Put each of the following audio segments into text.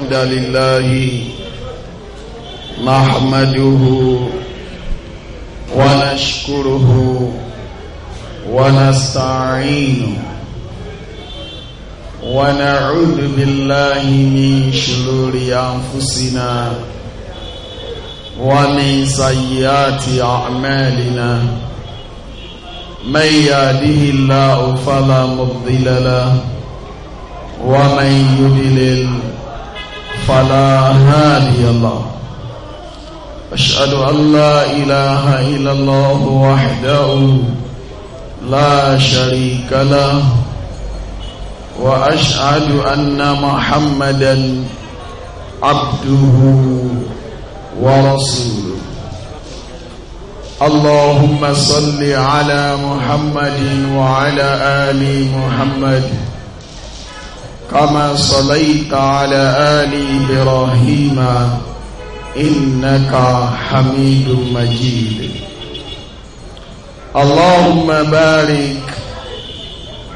الحمد لله نحمده ونشكره ونستعينه ونعوذ بالله من شرور أنفسنا ومن سيئات أعمالنا من يهده الله فلا مضل له ومن يضلل فلا هادي له أشهد أن لا إله إلا الله وحده لا شريك له وأشهد أن محمدا عبده ورسوله اللهم صل على محمد وعلى آل محمد كما صليت على آل إبراهيم إنك حميد مجيد اللهم بارك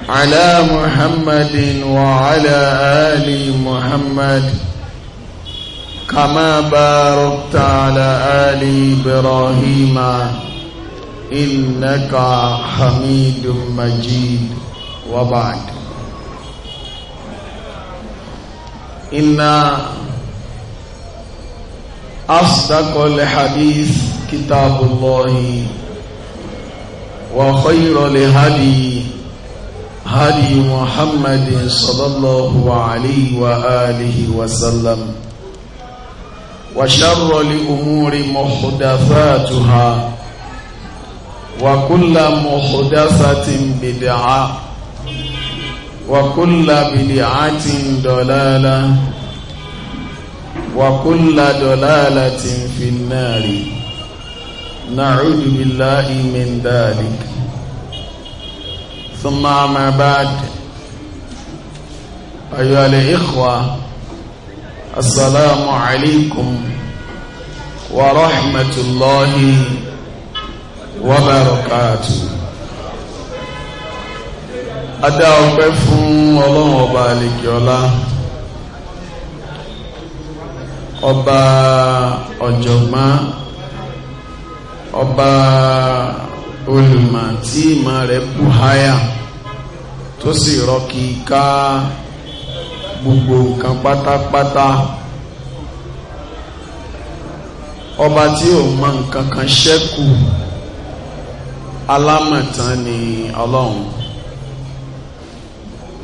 على محمد وعلى آل محمد كما باركت على آل إبراهيم إنك حميد مجيد وبعد إن أصدق الحديث كتاب الله وخير لهدي هدي محمد صلى الله عليه وآله وسلم وشر الأمور محدثاتها وكل محدثة بدعة وكل بدعة ضلالة وكل ضلالة في النار نعوذ بالله من ذلك ثم أما بعد أيها الإخوة السلام عليكم ورحمة الله وبركاته Ada ọpẹ́ fún ọlọ́run ọba àlèkè ọlá ọba ọ̀jọ̀gbọ́n ọba olùmọ̀ tí ìmọ̀ rẹ̀ bù háyà tó sì rọ́kì ká gbogbo nǹkan pátápátá ọba tí ò mọ nǹkan kan ṣẹ́kù alámọ̀tán ni ọlọ́run.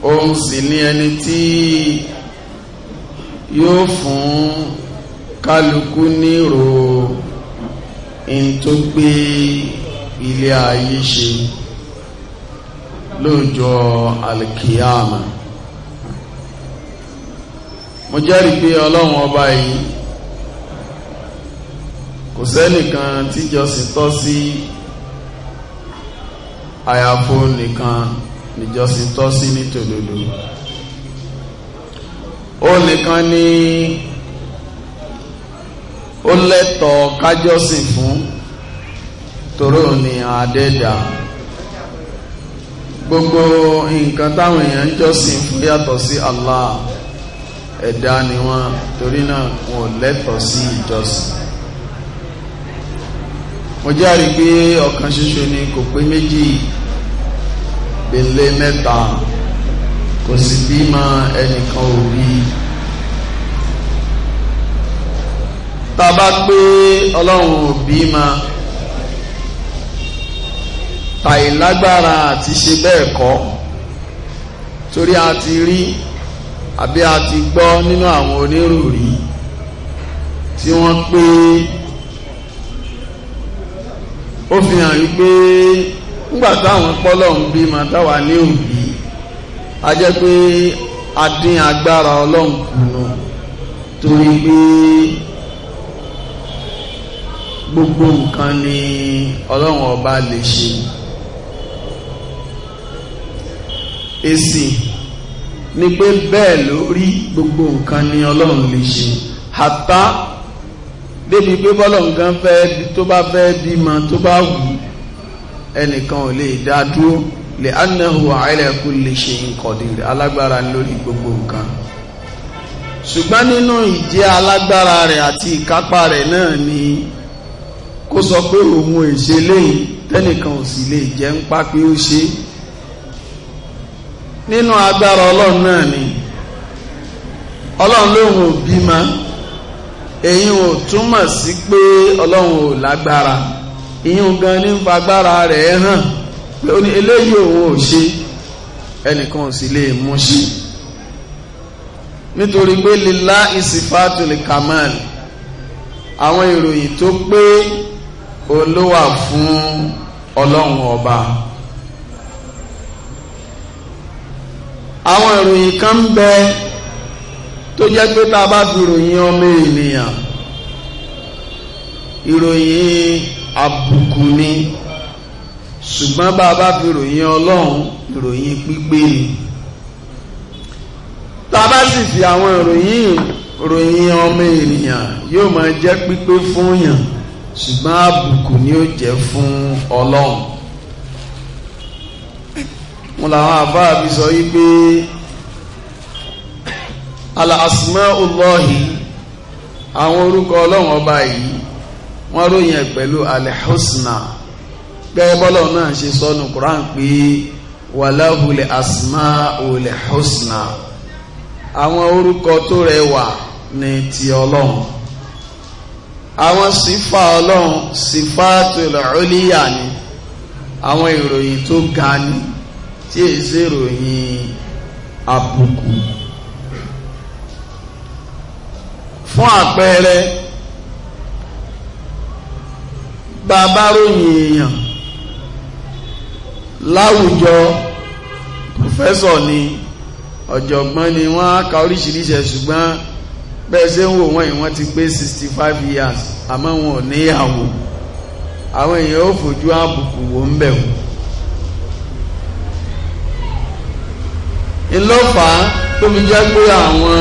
òun sì ni ẹni tí yóò fún kálukú nírò in tó gbé ilé ayé ṣe lóòjọ́ alkiyama mo jẹ́rìí pé ọlọ́run ọba yìí kò sẹ́nìkan tíjọ́sìn tọ́ sí àyàfo nìkan. Si níjọsìn tọ́ sí ní tòdodo ó nìkan ni ó lẹ́tọ̀ọ́ kájọ́sìn fún tòró ni àdẹ́dà gbogbo nǹkan táwọn èèyàn ń jọ́sìn fún yàtọ̀ sí Allah ẹ̀dá ni wọ́n torí náà wọn ò lẹ́tọ̀ọ́ sí ìjọsìn mo járe pé ọ̀kan ṣoṣo ni kò pé méjì yìí ìpele mẹ́ta kò sì bímọ ẹnìkan ò bí tá a bá pé ọlọ́run ò bímọ tàìlágbára àti ṣe bẹ́ẹ̀ kọ́ torí a ti rí àbí a ti gbọ́ nínú àwọn onírúurú tí wọ́n pé ó fi hàn yí pé ńgbà táwọn pọ́lọ́hún bímọ táwa ní òbí a jẹ́ pé a dín agbára ọlọ́run kùnà torí pé gbogbo nǹkan ni ọlọ́run ọba lè ṣe èsì ni pé bẹ́ẹ̀ lórí gbogbo nǹkan ni ọlọ́run lè ṣe àtá débi pé bọ́lọ̀ nǹkan fẹ́ tó bá fẹ́ bímọ tó bá wù ú ẹnìkan ò lè dá dúró lè annahu ala kulli shay'in qadir alágbára lórí gbogbo nǹkan ṣùgbọ́n nínú ìjẹ́ alágbára rẹ̀ àti ìkápá rẹ̀ náà ni kó sọ pé òun èṣe léyìn tẹ́nìkan ò sì lè jẹ́ ń pa pé ó ṣe nínú agbára ọlọ́run náà ni ọlọ́run lóhun ò bímọ èyí ò túmọ̀ sí pé ọlọ́run ò lágbára ìyún gan ní ń fagbára rẹ̀ hàn pé ó ní eléyìí òun ò ṣe ẹnìkan ò sì lè mú ṣe nítorí pé lílá ìsìfàtò lè kamal àwọn ìròyìn tó pé olówà fún ọlọ́run ọba àwọn ìròyìn kan ń bẹ tó jẹ́ pé tá a bá fi ròyìn ọmọ ènìyàn ìròyìn àbùkù ni ṣùgbọ́n bá a bá fi ròyìn ọlọ́run ìròyìn pípé ni tá a bá sì fi àwọn ìròyìn ìròyìn ọmọ ènìyàn yóò máa jẹ́ pípé fún yàn ṣùgbọ́n àbùkù ni ó jẹ́ fún ọlọ́run wọn làwọn àbáà fi sọ yí pé al asma'ullahi àwọn orúkọ ọlọ́run ọba yìí wọ́n ròyìn ẹ̀ pẹ̀lú alihusna gẹ́gẹ́ bọ́lọ̀ náà ṣe sọ́nu Quran pé wàláhùlẹ̀ asma olè husna àwọn orúkọ tó rẹwà ní ti ọlọ́run àwọn sífà ọlọ́run sífà tó lọ́ọ́líyà ni àwọn ìròyìn tó ga ni tí èyí sí ìròyìn àbùkù fún àpẹẹrẹ bàbá ròyìn èèyàn láwùjọ pòfẹ́sọ̀ ni ọ̀jọ̀gbọ́n ni wọ́n á ka oríṣiríṣi ṣùgbọ́n bẹ́ẹ̀ ṣe ń wò wọ́n yìí wọ́n ti pé sixty five years àmọ́ wọn ò níyàwó àwọn èèyàn ó fojú àbùkù wò ń bẹ̀ wò. ńlọ́fà tómi jẹ́ pé àwọn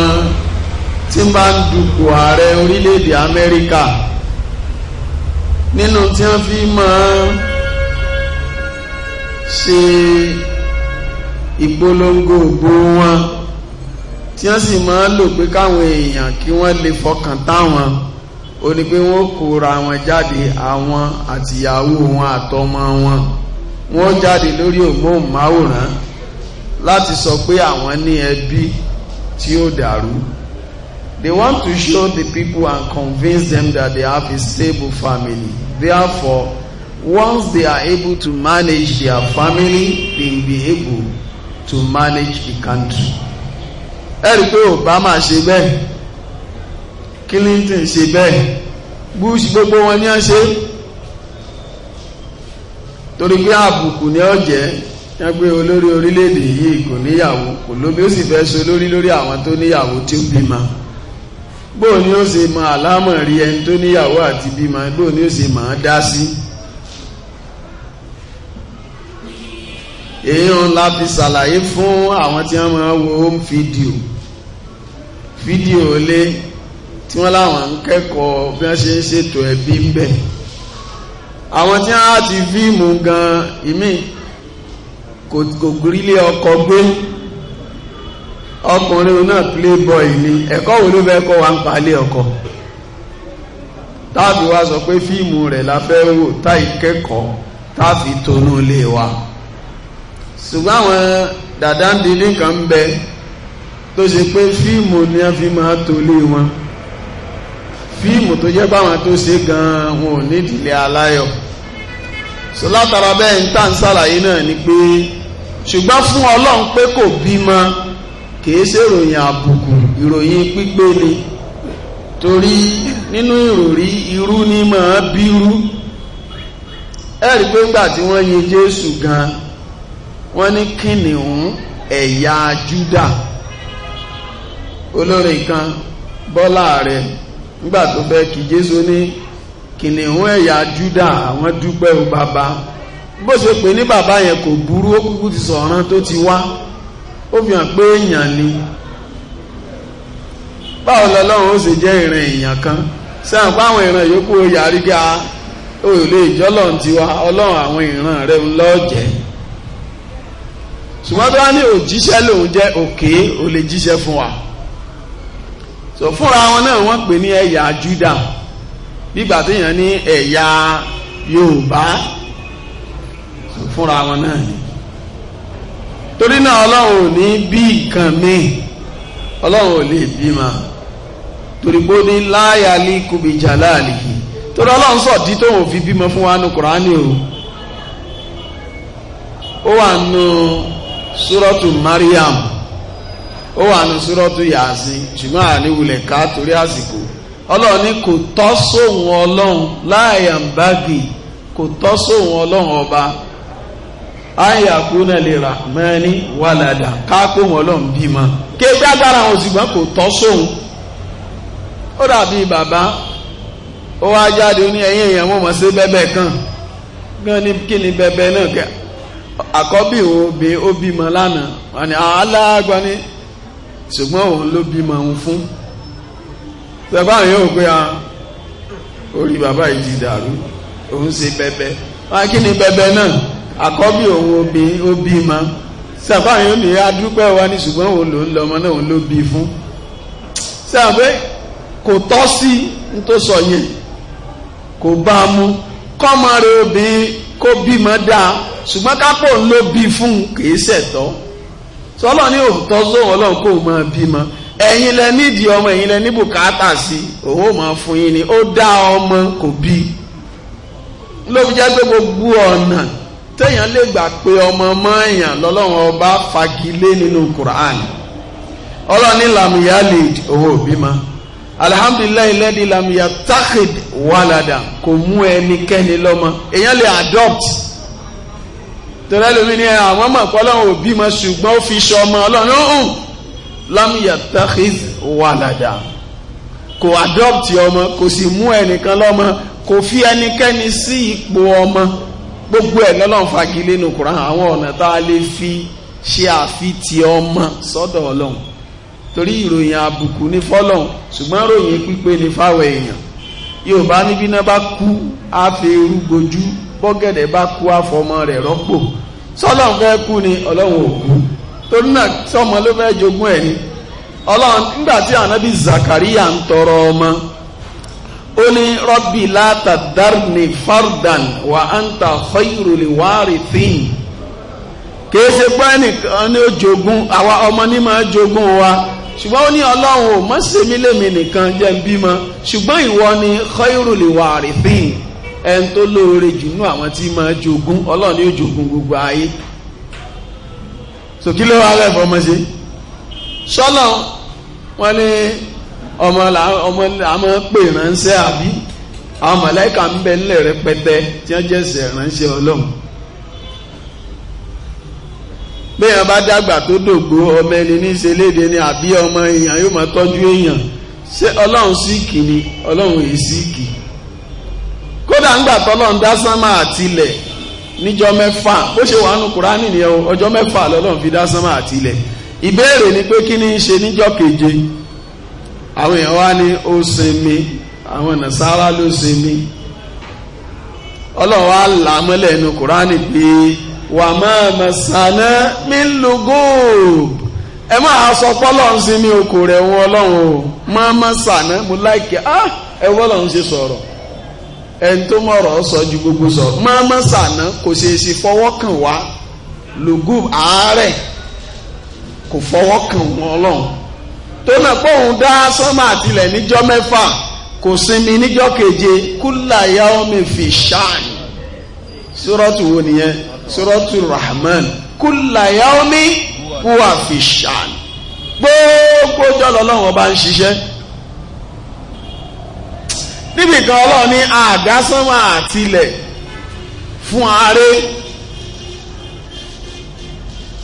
tí ń bá ń dupò ààrẹ orílẹ̀-èdè Amẹ́ríkà nínú tí wọ́n fi máa ṣe ìpolongo ògbó wọn tí wọ́n sì máa lò pé káwọn èèyàn kí wọ́n lè fọkàn táwọn ó ní pé wọ́n kóra wọn jáde àwọn àtìyàwó wọn àtọmọ wọn wọ́n jáde lórí ògbóhùnmáwòrán láti sọ pé àwọn ní ẹbí tí ó dàrú They want to show the people and convince them that they have a stable family. Therefore, once they are able to manage their family, they will be able to manage the country. Ẹ rí i pé Obama ṣe bẹ́ẹ̀, Clinton ṣe bẹ́ẹ̀, Bush gbogbo wọn ni wọ́n ṣe. Torí pé àbùkù ni ó jẹ́ wọ́n gbé olórí orílẹ̀-èdè yìí kò níyàwó kò lómi ó sì fẹ́ so lórí lórí àwọn tó níyàwó tí ó bímọ bó ni ó ṣe máa àlámọ̀ rí ẹni tó níyàwó àti bímọ bó ni ó ṣe máa dá sí èèyàn la fi ṣàlàyé fún àwọn tí wọ́n máa wo home video fídíò lé tí wọ́n láwọn ń kẹ́kọ̀ọ́ bí wọ́n ṣe ń ṣètò ẹbí ń bẹ̀ àwọn tí wọ́n á ti fíìmù gan-an kò grílé ọkọ̀ gbé ọkùnrin náà playboy ni ẹ̀kọ́ wo ló fẹ́ kọ́ wa ń palẹ̀ ọkọ táàbí wa sọ pé fíìmù rẹ̀ la fẹ́ wò táì kẹ́kọ̀ọ́ táàfi tonú ilé wa ṣùgbọ́n àwọn dàdá ń di nìkan ń bẹ tó ṣe pé fíìmù ni a fi máa tolé wọn fíìmù tó jẹ́ báwọn tó ṣe gan-an wọn ò nídìílé aláyọ̀ so látara bẹ́ẹ̀ ń tà ń náà ni pé ṣùgbọ́n fún ọlọ́run pé kò bímọ kìí ṣe ìròyìn àbùkù ìròyìn pípé ni torí nínú ìròrí irú ní máa bírú ẹ̀rí pé ńgbà tí wọ́n yin Jésù gan wọ́n ní kìnìún ẹ̀yà Júdà olórin kan bọ́lá rẹ̀ nígbà tó fẹ́ kí Jésù ní kìnìún ẹ̀yà Júdà àwọn dúpẹ́ o bàbá bó ṣe pè ní bàbá yẹn kò burú ó kúkú ti sọ̀ràn tó ti wá ó fi hàn pé èèyàn ni báwo lọ́lọ́run ó sì jẹ́ ìran èèyàn kan sẹ́wọ̀n pé ìran yòókù yàrí ga òòlù ìjọ́lọ̀ tiwa ọlọ́run àwọn ìran rẹ̀ ń lọ́ọ̀jẹ́ ṣùgbọ́n tó wá ní òjíṣẹ́ lòun jẹ́ òkè ó lè jíṣẹ́ fún wa so fúnra wọn náà wọ́n pè ní ẹ̀yà Júdà bígbà téèyàn ní ẹ̀yà Yorùbá fúnra wọn náà ni torí náà ọlọ́run ò ní bí nǹkan míì ọlọ́run ò lè torí bó ní láyà lè torí ọlọ́run sọ̀dí tó fi bímọ fún wa nù kùránì o wà nù súrọ́tù Mariam ó wà nù súrọ́tù Yasin ṣùgbọ́n torí àsìkò ọlọ́run ní kò tọ́ ọlọ́run kò tọ́ ọlọ́run ọba ayakuna lè rahmani walada kápò wọn lọ ń bímọ kéèké agbára àwọn òsìgbọ́n kò tọ́ sóhun ó dàbí bàbá ó wá jáde ó ní ẹ̀yìn èèyàn mọ̀ mọ̀ sí bẹ́bẹ́ kan gan ni kí ni bẹ́bẹ́ náà kẹ́ àkọ́bí òbí ó bímọ lánàá wọn ni aláàgbá ṣùgbọ́n òun ló bímọ òun fún bàbá yẹn ò pé a ah, orí bàbá yìí ti dàrú òun ṣe bẹ́bẹ́ wọn kí ni bẹ́bẹ́ náà. àkọ́bí òun obi ma sàbáyé mi adúpẹ́ wa ní ṣùgbọ́n òun ló ń lọ ọmọ náà òun ló bí fún kò tọ́ sí tó sọ yẹn kò bá mú kọ́mọ rẹ obìnrin ṣùgbọ́n kápò bí fún kìí ṣẹ̀tọ́ sọlọ ní sóhun ọlọ́run máa ọmọ ẹ̀yin lẹ ní bùkátà sí òun ò máa fún yín ni ó dá ọmọ kò bí téèyàn lè gbà pé ọmọ ọmọ èèyàn lọ́lọ́run ọba fagilé nínú Qur'an ọlọ́ni làmìyálì owó bímọ alihamdulilayi lẹ́ni làmìyá tahid wàlàdà kò mú ẹnikẹ́ni lọ́mọ èèyàn lè adopt tẹ́lẹ̀ lómi ni àwọn ọmọ ọ̀pọ̀lọ́run ò bímọ ṣùgbọ́n ó fi ṣe ọmọ ọlọ́run ọ̀hún làmìyá tahid wàlàdà kò adopt ọmọ kò sì mú ẹnìkan lọ́mọ kò fi ẹnikẹ́ni sí ipò ọmọ. gbogbo ẹ̀ lọ́lọ́run fagilé nu Kùránì àwọn ọ̀nà tá a lè fi ṣe àfitì ọmọ sọ́dọ̀ ọlọ́run torí ìròyìn àbùkù ní fọ́lọ́run ṣùgbọ́n ròyìn pípé ní fáwọn èèyàn Yorùbá níbí náà bá kú àfi irúgbojú bọ́gẹ̀dẹ̀ bá kú àfọmọ rẹ̀ rọ́pò sọ́lọ́run fẹ́ kú ni ọlọ́run ò kú torí náà sọmọ ló fẹ́ jogún ẹ̀ ni ọlọ́run nígbà tí ànábì Zakariya ń tọrọ ọmọ ó ní rọ́bì látàdárni fardan wà á ń ta khairul warithin kìí ṣe pé ẹnìkan ní ó jogún àwa ọmọ ní máa jogún wa ṣùgbọ́n ó ní ọlọ́run ò mọ́ sèmi lèmi nìkan jẹ́ ń bímọ ṣùgbọ́n ìwọ ni khairul warithin ẹn tó lóore jù nú àwọn tí máa jogún ọlọ́run yóò jogún gbogbo ayé so kí ló wá lẹ́fọ́ ọmọ sí sọ́lọ́ wọn ni ọmọ àmọ́ pè ránṣẹ́ àbí àwọn ń bẹ nílẹ̀ rẹpẹtẹ tí wọ́n jẹ́sẹ̀ ránṣẹ́ ọlọ́run bẹ́ẹ̀ bá dàgbà tó dògbò ọmọ ẹni ni àbí ọmọ èèyàn yóò máa tọ́jú èèyàn ṣé ọlọrun síìkì ni síìkì kódà ńgbà dá sánmà ṣe wà nù kúránì keje àwọn èèyàn wá ní ó sin mi àwọn nàṣàrà ló sin mi ọlọ́run wá là á mọ́lẹ̀ ẹnu kùránì pé wà máa mẹ̀sánà mí lùgò ẹ máa sọ pọ́lọ̀ ń sin mi okò rẹ̀ wọ ọlọ́run o máa mẹ̀sánà mo láìkẹ́ á ah! ẹ wọ́n lọ́run ṣe sọ̀rọ̀ ẹni tó mọ̀rọ̀ sọ ju gbogbo sọ máa mẹ̀sánà kò ṣe é ṣe fọwọ́ kàn wá lùgò àárẹ̀ kò fọwọ́ kàn wọ́n ọlọ́run tó náà kóhun dá sánmà àtilẹ̀ níjọ́ mẹ́fà kò sinmi níjọ́ keje kúlà yaomi fi ṣáàn sọ́rọ́tù wo nìyẹn sọ́rọ́tù rahman kúlà yaomi wà fi ṣáàn gbogbo ọjọ́ lọ́lọ́run ọba ń ṣiṣẹ́ níbi kan ọlọ́run ní àdásánmà àtilẹ̀ fún ààrẹ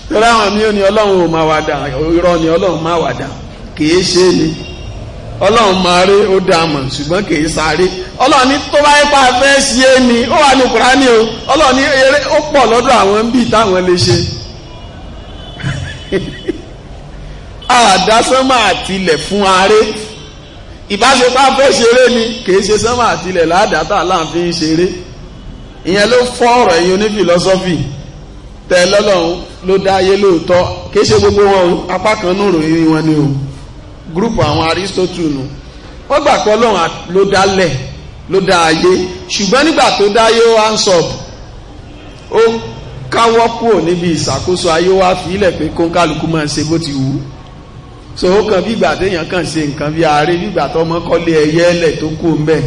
tọ́lá àwọn mi ò ní ọlọ́run ò máa wà dà irọ́ ni ọlọ́run máa wà dà kìí ṣe ni ọlọ́run máa rí ó dá mọ̀ ṣùgbọ́n kìí sáré ọlọ́run ní tó bá yẹ pa fẹ́ ṣe é ni ó wà ní Kùránì o ọlọ́run ní eré ó pọ̀ lọ́dọ̀ àwọn ń bì táwọn lè ṣe àdásánmà àtilẹ̀ fún aré ìbáṣepá fẹ́ ni kìí ṣe sánmà àtilẹ̀ ládàátà láàfin ṣeré ìyẹn ló fọ́ ọ̀rọ̀ ẹ̀yin onífìlọ́sọ́fì tẹ lọ́lọ́run ló dá ayé lóòótọ́ kìí ṣe gbogbo wọn o apá kan nù ròyìn wọn ni o. gúrùpù àwọn aristotle o wọ́n gbà pé ọlọ́run ló dálẹ̀ ló dá ayé ṣùgbọ́n nígbà tó dáyé ó hands up ó káwọ́ kúrò níbi ìṣàkóso ayé wá fi ilẹ̀ pé ti wù so ó kàn bí ìgbà téèyàn kàn ṣe nǹkan bí ààrẹ bí ìgbà tọmọ kọ́lé ẹyẹ ẹlẹ̀ tó kú ń bẹ̀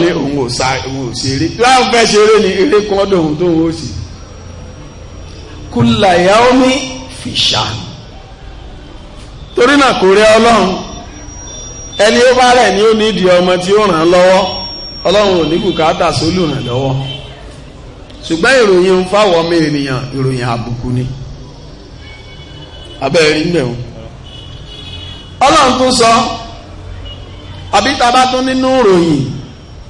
ní òun ò sa òun ò ṣeré ṣeré ni eré kan ọdún òun tó omi fìṣà torí náà kò rí ọlọ́run ẹni ó bá rẹ̀ ni ó nídìí ọmọ tí ó ràn án lọ́wọ́ ọlọ́run ò ní bùkátà sólùrànlọ́wọ́ ṣùgbọ́n ìròyìn ń fáwọ́ ọmọ ènìyàn ìròyìn àbùkù ni abẹ́rẹ́ rí mẹ́wọ́n ọlọ́run tún sọ àbí tá a bá tún nínú ìròyìn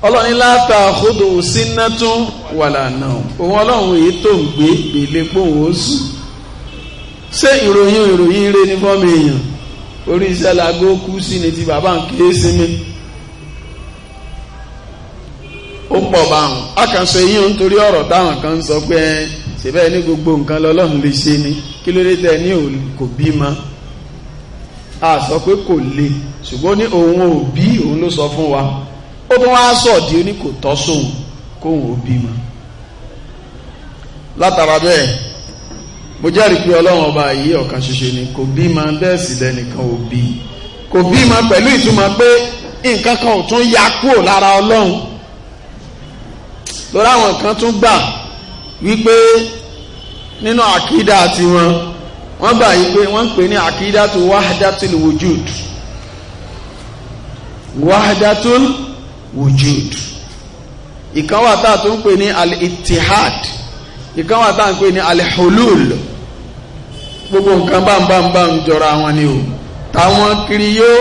ọlọ́run ní láta àkódò sínú tún wàlà náà òun ọlọ́run yìí tó ń gbé gbèlè pòun ó sùn ṣé ìròyìn ìròyìn rẹ ní fọ́ọ̀mù èèyàn orí iṣẹ́ làgó kú sí ni ti bàbá ń kíyè sí mi ó pọ̀ báwọn akànṣe yìí ó ń torí ọ̀rọ̀ táwọn kan ń sọ pé ṣèbẹ́ ní gbogbo nǹkan lọ́lọ́run lè ṣe ni kí ló dé tẹ ní kò bí ma a sọ pé kò le ṣùgbọ́n ní òun ò bí òun ló sọ fún wa ó tún wáá sọ̀dí oní kò tọ́ sóun kóun ò bí ma látara bẹ́ẹ̀ mo jẹ́rìí pé ọlọ́run ọba yìí ọ̀kan ṣoṣo ni kò bí ma bẹ́ẹ̀ sì lẹ́nìkan ò bí kò bí ma pẹ̀lú ìtumọ̀ pé nǹkan kan ò tún ya kúrò lára ọlọ́run lórí àwọn kan tún gbà wípé nínú àkídà tiwọn wọ́n gbà yìí pé wọ́n ń pè ní àkídà tó wahdatul wujud wahdatul wujud ìkan wà tá a tún pè ní al ìkan wà tá a ń pè ní al gbogbo nǹkan bámbámbá ń jọra wọn ni o táwọn kiri yóò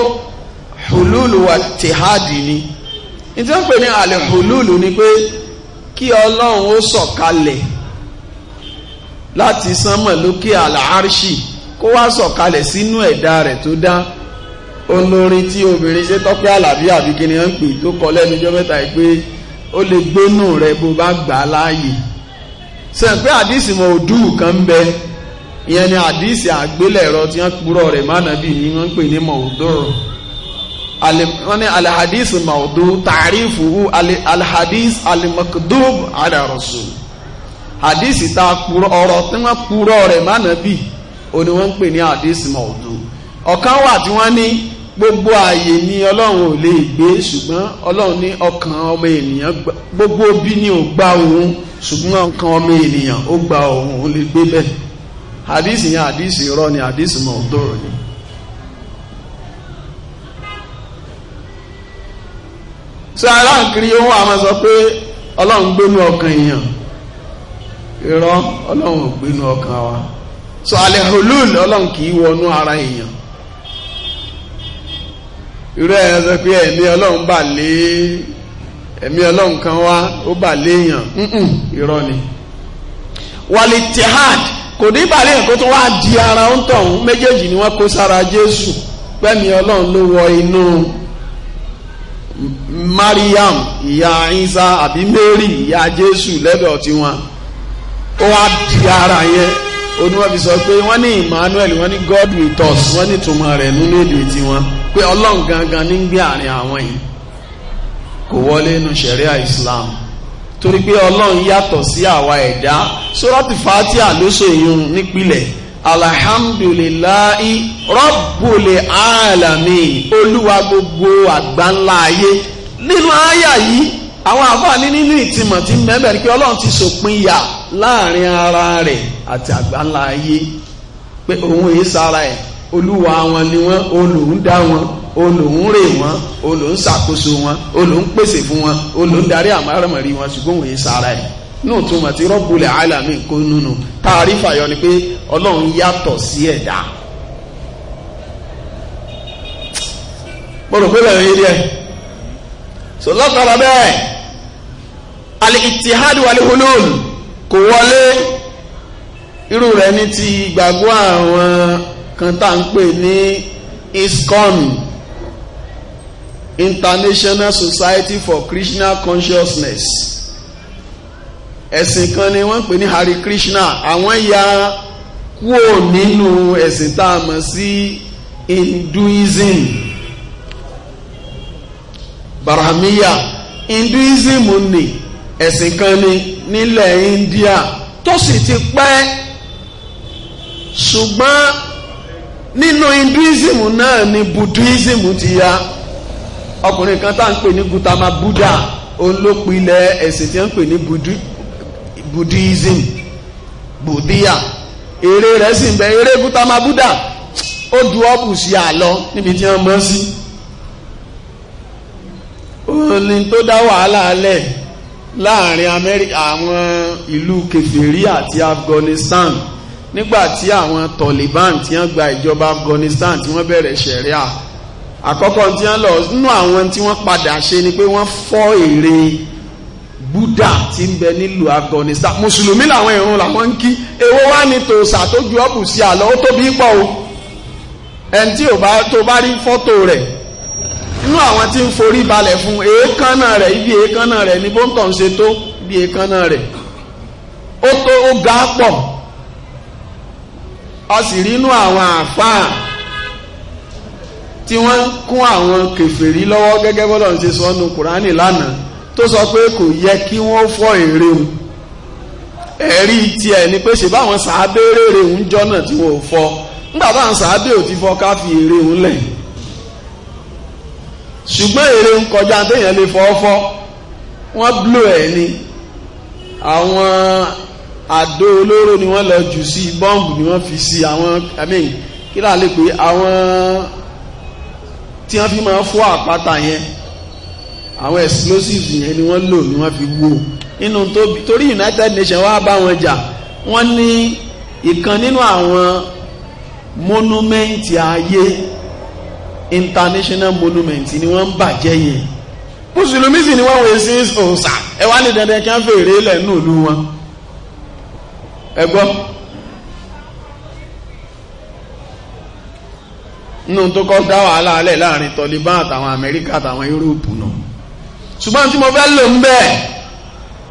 hululu wa tihadi ni nítorí wọ́n pè ní àlè hululu ni pé kí ọlọ́run ó sọ̀kalẹ̀ láti sánmọ̀ lókè àlàárṣì kó wá sọ̀kalẹ̀ sínú ẹ̀dá rẹ̀ tó dá olórin tí obìnrin ṣe tọ́pẹ́ àlàbí àbí kí ni wọ́n pè tó kọ lẹ́nu ọjọ́ mẹ́ta yìí pé ó lè gbénú rẹ bó bá gbà á láàyè sẹ́ǹpẹ́ àdìsí mọ̀ kan ń ìyẹn ni àdísì àgbélẹ̀rọ tí wọ́n purọ́ rẹ̀ mánàbí ni wọ́n ń pè ní mọ̀ọ́dọ́rọ̀ wọ́n ní alhadis mọ̀ọ́dọ́ tàrífù alhadis alimakdub alárọ̀sù àdísì tá a purọ́ ọ̀rọ̀ tí wọ́n purọ́ rẹ̀ mánàbí òní wọ́n ń pè ní àdísì mọ̀ọ́dọ́ ọ̀kan wà tí wọ́n ní gbogbo ààyè ni ọlọ́run ò lè gbé ṣùgbọ́n ọlọ́run ní ọkàn ọmọ ènìyàn gbogbo bí ni ò gba òun ṣùgbọ́n ọkàn ọmọ ènìyàn ó gba òun ò lè gbé bẹ́ẹ̀ hadith yẹn hadith irọ́ ni hadith mọ̀ọ́dọ́rọ̀ ni so aláàkiri nkiri wà sọ pé ọlọ́run gbénú ọkàn èèyàn irọ́ ọlọ́run gbénú ọkàn wa so alẹ́ hulul ọlọ́run kì í wọnú ara èèyàn irú ẹ̀ sọ pé ẹ̀mí ọlọ́run bà lé ẹ̀mí ọlọ́run kan wá ó bà léèyàn irọ́ ni kò ní ìbàlẹ̀ nǹkan tó wá di ara ń tọ̀hún méjèèjì ni wọ́n kó sára jésù pẹ́mi ọlọ́run ló wọ inú mariam ìyá isa àbí mary ìyá jésù lẹ́dọ̀ tiwọn ó wá di ara yẹn oníwọ́n fi sọ pé wọ́n ní emmanuel wọ́n ní god with us wọ́n ní ìtumọ̀ rẹ̀ nínú èdè tiwọn pé ọlọ́run gangan ní gbé àárín àwọn yìí kò wọlé inú sẹ̀ríà islam. torí pé ọlọ́run yàtọ̀ sí àwa ẹ̀dá sóràtì fatia ló ṣèyún nípìlẹ̀ alhamdulilayi rọ́bùlẹ̀ alami olúwa gbogbo àgbáńlá ayé nínú àyà yìí àwọn àfààní nínú ìtìmọ̀ tí mẹ́bẹ̀ ni pé ọlọ́run ti sòpin yà láàrin ara rẹ̀ àti àgbáńlá ayé pé òun èé sára ẹ̀ olúwa wọn ni wọ́n olùdá wọn olùhún rè wọn olùhún ṣàkóso wọn olùhún pèsè fún wọn olùhún darí àmáràmọ̀rí wọn ṣùgbọ́n òun yìí sára ẹ̀ nù túmọ̀ tí rọ́bùlẹ̀ àìlàmì kó nínú táàrí fàyọ ni pé ọlọ́run yàtọ̀ sí ẹ̀dá. mo rò pé lẹ́yìn ilé ẹ̀ sọ lọ́tọ̀ọ̀rọ̀ bẹ́ẹ̀ alìtìhádù alìhulùl kò wọlé irú rẹ̀ ní ti gbàgbọ́ àwọn kan tá à ń pè ní iskọ́nù International Society for Krishna Consciousness ẹ̀sìn kan ni wọ́n pè ní Hare Krishna àwọn ya kúò nínú ẹ̀sìn tá a mọ̀ sí Hinduism Brahmiya Hinduism ni ẹ̀sìn kan ni nílẹ̀ India tó sì ti pẹ́ ṣùgbọ́n nínú Hinduism náà ni Buddhism ti ya ọkùnrin kan tá à ń pè ní Gautama Buddha òun ló pilẹ̀ ẹ̀sìn tí wọ́n ń pè ní Buddhism Buddhia èrè rẹ̀ sì ń bẹ eré Gautama Buddha ó du ọ́pù sí àlọ níbi tí wọ́n mọ́ sí òní tó dá wàhálà alẹ̀ láàrin Amẹ́ríkà àwọn ìlú kẹfìrí àti Afghanistan nígbà tí àwọn Taliban tí wọ́n gba ìjọba Afghanistan tí wọ́n bẹ̀rẹ̀ ṣẹ̀ríà àkọ́kọ́ tí wọ́n lọ nínú àwọn tí wọ́n padà ṣe ni pé wọ́n fọ́ ère buddha tí ń bẹ nílùú afghanistan mùsùlùmí làwọn ìrun làwọn ń kí èwo wá ní tòṣà tó ju ọ́pù sí àlọ́ ó tóbi pọ̀ o ẹni tí ò bá tó bá rí fọ́tò rẹ̀ nínú àwọn tí ń forí balẹ̀ fún èékánná rẹ̀ ibi èékánná rẹ̀ ní bóńtọ̀ ń ṣe tó ibi èékánná rẹ̀ ó tó ó ga pọ̀ a sì rí inú àwọn àfáà tí wọ́n ń kún àwọn kèfèrí lọ́wọ́ gẹ́gẹ́ bọ́lọ̀ ń ṣe sọ nu kùránì lánàá tó sọ pé kò yẹ kí wọ́n fọ́ èrè òun ẹ̀rí tiẹ̀ ni pé ṣe báwọn sàábé rèrè òun jọ́nà tí wọ́n fọ́ nígbà táwọn sàábé ò ti fọ́ ká fi èrè òun lẹ̀ ṣùgbọ́n èrè òun kọjá téèyàn lè fọ́ fọ́ wọ́n bló ẹ̀ ni àwọn àdó olóró ni wọ́n lọ jù sí bọ́ǹbù ni wọ́n fi sí àwọn kí láà lè pé àwọn tí wọ́n fi máa fọ́ àpáta yẹn àwọn explosives yẹn ni wọ́n lò ni wọ́n fi wó nínú tóbi torí United Nations wá bá wọn jà wọ́n ní ìkan nínú àwọn monument ayé international monument ni wọ́n ń bàjẹ́ yẹn mùsùlùmí sì ni wọ́n wọ sí òòsà ẹ wá ní dandan kí wọ́n fèrè lẹ́nu ìlú wọn ẹ gbọ́. nínú tó kọ́ dá wàhálà alẹ́ láàrin Taliban àtàwọn Amẹ́ríkà àtàwọn Yúróòpù náà ṣùgbọ́n tí mo fẹ́ lò ń bẹ́ẹ̀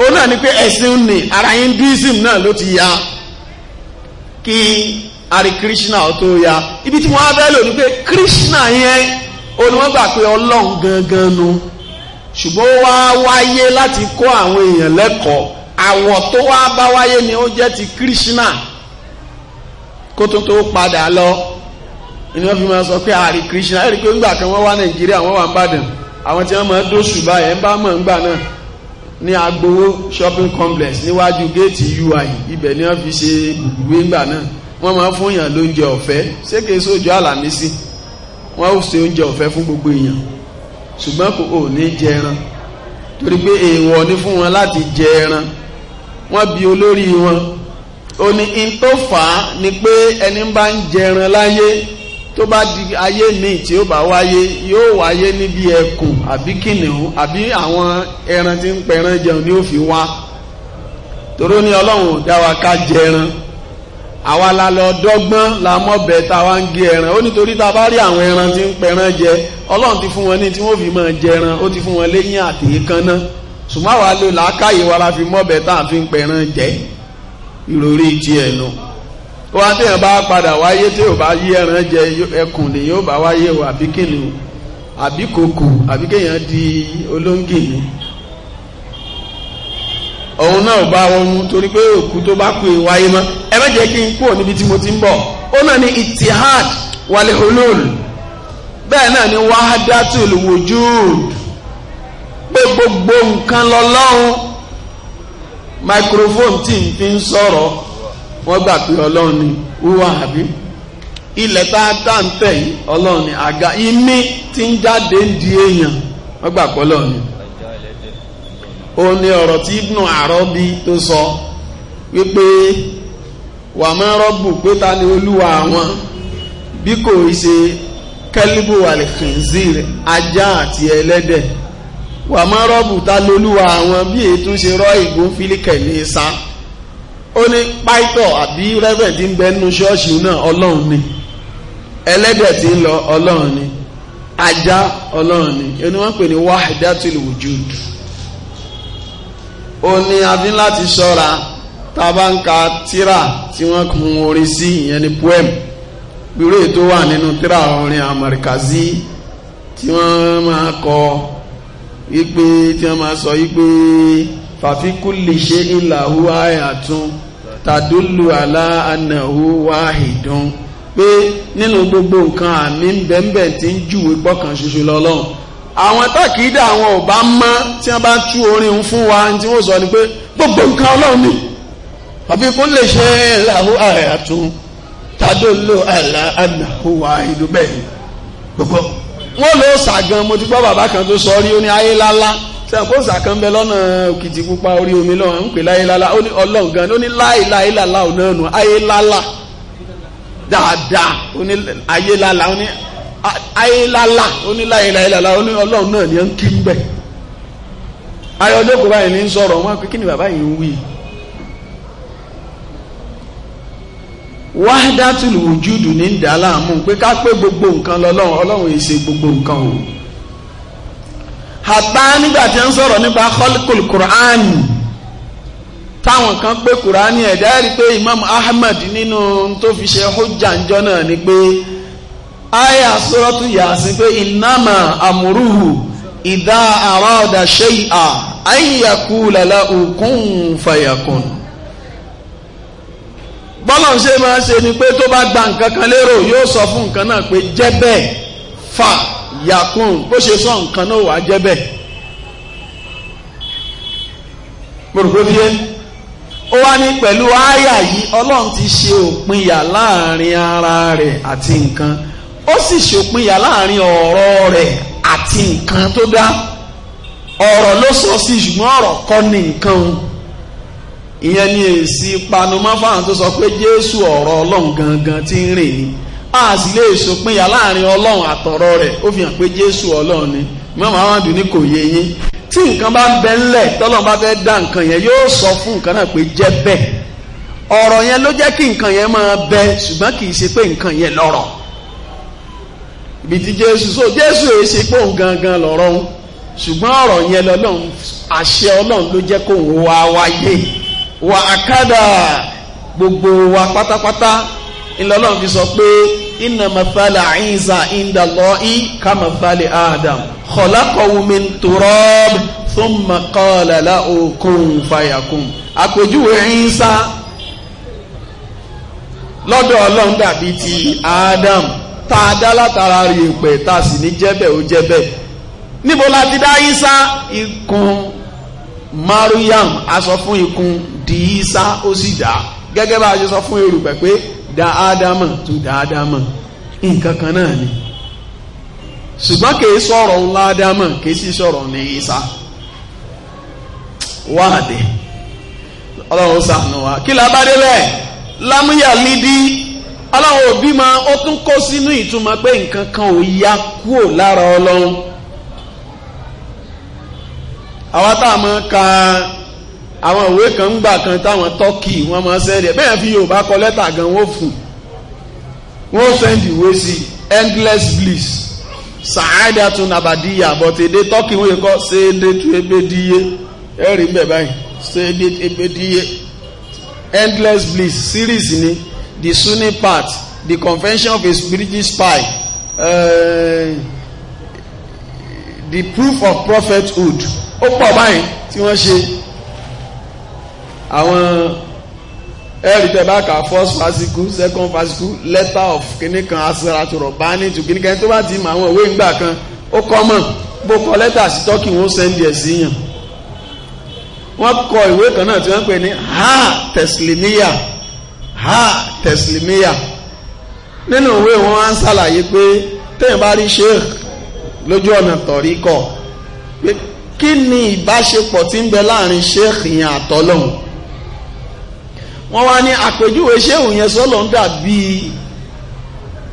ó náà ni pé ẹ̀sìn ni ara Hinduism náà ló ti ya kí Hare Krishna ó tó ya ibi tí mo wá fẹ́ lò ni pé Krishna yẹn olùmọ́gbà pé Ọlọ́run gangan nu ṣùgbọ́n ó wá wáyé láti kó àwọn èèyàn lẹ́kọ̀ọ́ àwọ̀ tó wá bá wáyé ni ó jẹ́ ti Krishna kó tó tó padà lọ ni wọ́n fi máa sọ pé àrí Krishna ẹ̀rí pé ńgbà kan wọ́n wá Nàìjíríà wọ́n wà ń bàdàn àwọn tí wọ́n máa dóṣù báyẹn bá mọ̀ ńgbà náà ní agbowó shopping complex níwájú géètì UI ibẹ̀ ni wọ́n fi ṣe ibùgbé ńgbà náà wọ́n máa fún èèyàn lóúnjẹ ọ̀fẹ́ ṣé kìí sójú àlàmísì wọ́n ó ṣe oúnjẹ ọ̀fẹ́ fún gbogbo èèyàn ṣùgbọ́n kò ò ní jẹ ẹran torí pé èèwọ̀ ni fún wọn láti jẹ ẹran wọ́n bi olórí wọn ó ní ni pé ẹni bá ń jẹ ẹran láyé tó bá di ayé míì tí ó bá wáyé yóò wáyé níbi ẹkù àbí kìnìún àbí àwọn ẹran tí ń pẹran jẹun ni ó fi wá toró ní ọlọ́run dá wa ká jẹran àwa la lọ dọ́gbọ́n la mọ̀bẹ tá a wá ń gé ẹran ó nítorí tá a bá rí àwọn ẹran tí ń pẹran jẹ ọlọ́run ti fún wọn ní tí wọ́n fi máa jẹran ó ti fún wọn léyìn àti èékánná àwa lò láákàyè wa la fi mọ̀bẹ tá a fi ń pẹran jẹ ìròrí tiẹ̀ nù. No wá téèyàn bá padà wáyé tí ò bá yí ẹran jẹ ẹkùn ni yóò bá wáyé o àbí kìnìún àbí kòkò àbí kéèyàn di olóńgìní òun náà bá ohun torí pé òkú tó bá kú ìwáyé mọ́ ẹ má jẹ́ kí n kúrò níbi tí mo ti ń bọ̀ ó náà ní itihad wàlẹ̀ hulul bẹ́ẹ̀ náà ni wahadatul wujud pé gbogbo nǹkan lọ́lọ́run microphone tí n fi ń sọ̀rọ̀ wọ́n gbà pé ọlọ́run ni wúwà àbí ilẹ̀ tá a tà ń tẹ̀ yìí ọlọ́run ni àga imí tí ń jáde ń di èèyàn wọ́n gbà pé ọlọ́run ni. ó ní ọ̀rọ̀ tí Ibnu Arabi tó sọ wípé wà má rọ́bù pé ta ni olúwa àwọn bí kò ṣe kẹ́líbù al ajá àti ẹlẹ́dẹ̀ wà má rọ́bù ta lolúwa àwọn bí ètò ṣe rọ́ ìgbófílì kẹ̀lé sá ó ní pító àbí rẹ́fẹ̀dì ń bẹ nínú ṣọ́ọ̀ṣì náà ọlọ́run ni ẹlẹ́dẹ̀ tí ń lọ ọlọ́run ni ajá ọlọ́run ni ẹni wọ́n pè ní wahdatul wujud ó ní a ní láti ṣọ́ra tá a bá ń ka tírà tí wọ́n kun orin sí ìyẹn ní poem irú ètò wà nínú tírà orin Amarkazi tí wọ́n máa kọ wípé tí wọ́n máa sọ wípé fàfikún ṣe ìlà hùwà ẹ̀ àtún tàdúlù aláàánàwó wáhìdán pé nínú gbogbo nǹkan àmì bẹ́ẹ̀bẹ́ẹ̀ tí ń júwe gbọ́kan ṣoṣo lọ́lọ́run àwọn tákìdá àwọn ò bá mọ́ tí wọ́n bá tú orin fún wa tí wọ́n sọ ni pé gbogbo nǹkan ọlọ́run ni àfi kó lè ṣe làwọn ààrẹ àtún tàdúlù aláàánàwó wáhìdán bẹ́ẹ̀ gbogbo wọn lọ sàgán mo ti gbọ́ bàbá kan tó sọ rí ó ayé lálá sàkóòsà kan bẹ lọ́nà òkìtì pupa orí omi lọ́wọ́ ń pè láyélálá ó ní ọlọ́run gan ó ní láyéláyélálá ò náà nù ayélálá dáadáa ó ní ayélálá ó ní ayélálá ó ní láyéláyélálá ó ní ọlọ́run náà ní ń kí ń bẹ̀. ayọ̀dé kò báyìí ní sọ̀rọ̀ wọn kí ni bàbá yìí ń wí. wahdatul wujudu ní dàlámù pé ká pé gbogbo nǹkan lọ́lọ́run ọlọ́run èsè gbogbo nǹkan o hàtá nígbà tí ń sọ̀rọ̀ nípa khalqul Qur'an táwọn kan pé Qur'an ẹ̀dá rí pé Imam Ahmad nínú tó fi ṣe hujja ńjọ́ náà ni pé aya suratu Yasin pé innama amruhu idha arada shay'a an yaqula lahu kun fayakun. bọ́lá ṣe máa ṣe ni pé tó bá gba nǹkan kan lérò yóò sọ fún nǹkan náà pé jẹ́ bẹ́ẹ̀ fà yakun bó ṣe sọ nǹkan náà wàá jẹ́ bẹ́ẹ̀ gbòrògbòdìyẹ ó wá ní pẹ̀lú àyà yìí ọlọ́run ti ṣe òpinya láàrin ara rẹ̀ àti nǹkan ó sì ṣòpinya láàrin ọ̀rọ̀ rẹ̀ àti nǹkan tó dá ọ̀rọ̀ ló sọ sí ṣùgbọ́n ọ̀rọ̀ kọ́ ni nǹkan o ìyẹn ni èsì panumọ́ fáwọn tó sọ pé jésù ọ̀rọ̀ ọlọ́run gangan ti ń rìn ni a le lè ṣòpinya láàrin ọlọ́run àtọ̀rọ̀ rẹ̀ ó fi hàn pé jésù ọlọ́run ni mọ́mọ́ àwọn àdùnní kò yé yín tí nǹkan bá ń bẹ ńlẹ̀ tọ́lọ́run bá fẹ́ dá nǹkan yẹn yóò sọ fún nǹkan náà pé jẹ́ bẹ́ẹ̀ ọ̀rọ̀ yẹn ló jẹ́ kí nǹkan yẹn máa bẹ ṣùgbọ́n kì í ṣe pé nǹkan yẹn lọ́rọ̀ ibi tí jésù sọ jésù èyí ṣe pé òun gangan lọ́rọ̀ òun ṣùgbọ́n ọ̀rọ̀ yẹn lọ́lọ́run àṣẹ ọlọ́run ló jẹ́ kó òun wáyé wà á kádà gbogbo wa pátápátá ìlọ́lọ́run fi sọ pé inna mathala Isa inda Allahi kamathali Adam khalaqahu min turab thumma qala lahu kun fayakun àpèjúwe Isa lọ́dọ̀ ọlọ́run dàbí ti Adam tá a dá látara rí pẹ̀ tá a sì ní jẹ́bẹ̀ ó jẹ́bẹ̀ níbo la ti dá Isa ikùn Mariam a sọ fún ikùn di ó sì dá gẹ́gẹ́ bá a ṣe sọ fún erùpẹ̀ pé dá ádámà tó dá ádámà nǹkan kan náà ni ṣùgbọ́n kìí sọ̀rọ̀ ńlá ádámà kìí sì sọ̀rọ̀ ní ìsá wáàdì ọlọ́run sànù wa kí la bá dé bẹ́ẹ̀ lámúyà lídí ọlọ́run òbí ma ó tún kó sínú ìtumọ̀ pé nǹkan kan ò ya kúò lára ọlọ́run àwa tá a máa ka àwọn òwe kan ń gbà kan táwọn tọ́kì wọ́n máa sẹ́ndì ẹ̀ bẹ́ẹ̀ fi yorùbá kọ lẹ́tà gan wọ́n fún wọ́n sẹ́ndì ìwé sí endless bliss sàádà tún abàdíyà bọ̀tẹ̀dẹ̀ tọ́kì wọ́n yẹ kọ́ ṣéédé tún ebédíyé ẹ̀rí bẹ̀ báyìí ṣéédé ebédíyé endless bliss series ni the sunni part the convention of a spiritual spy uh, the proof of prophethood ó pọ̀ báyìí tí wọ́n ṣe àwọn ẹ̀rí tẹ bá kà first fascicle second fascicle letter of kíní kan asaraturọ̀ bá ní tù kíní kan tó bá ti mọ àwọn ìwé ìgbà kan ó kọ́ mọ̀ bó kọ lẹ́tà sí tọ́kì wọn ó sẹ́ndì sí yàn wọ́n kọ ìwé kan náà tí wọ́n pè ní ha tẹ̀sílímíyà ha tẹ̀sílímíyà nínú ìwé wọn á ń ṣàlàyé pé téèyàn bá rí sheikh lójú ọ̀nà tọ̀rí kọ̀ pé kí ni ìbáṣepọ̀ tí ń bẹ láàrin sheikh yẹn àtọ́lọ́hùn wọ́n wá ní àpèjúwe ṣéwù yẹn sọ́lọ̀ ń dà bíi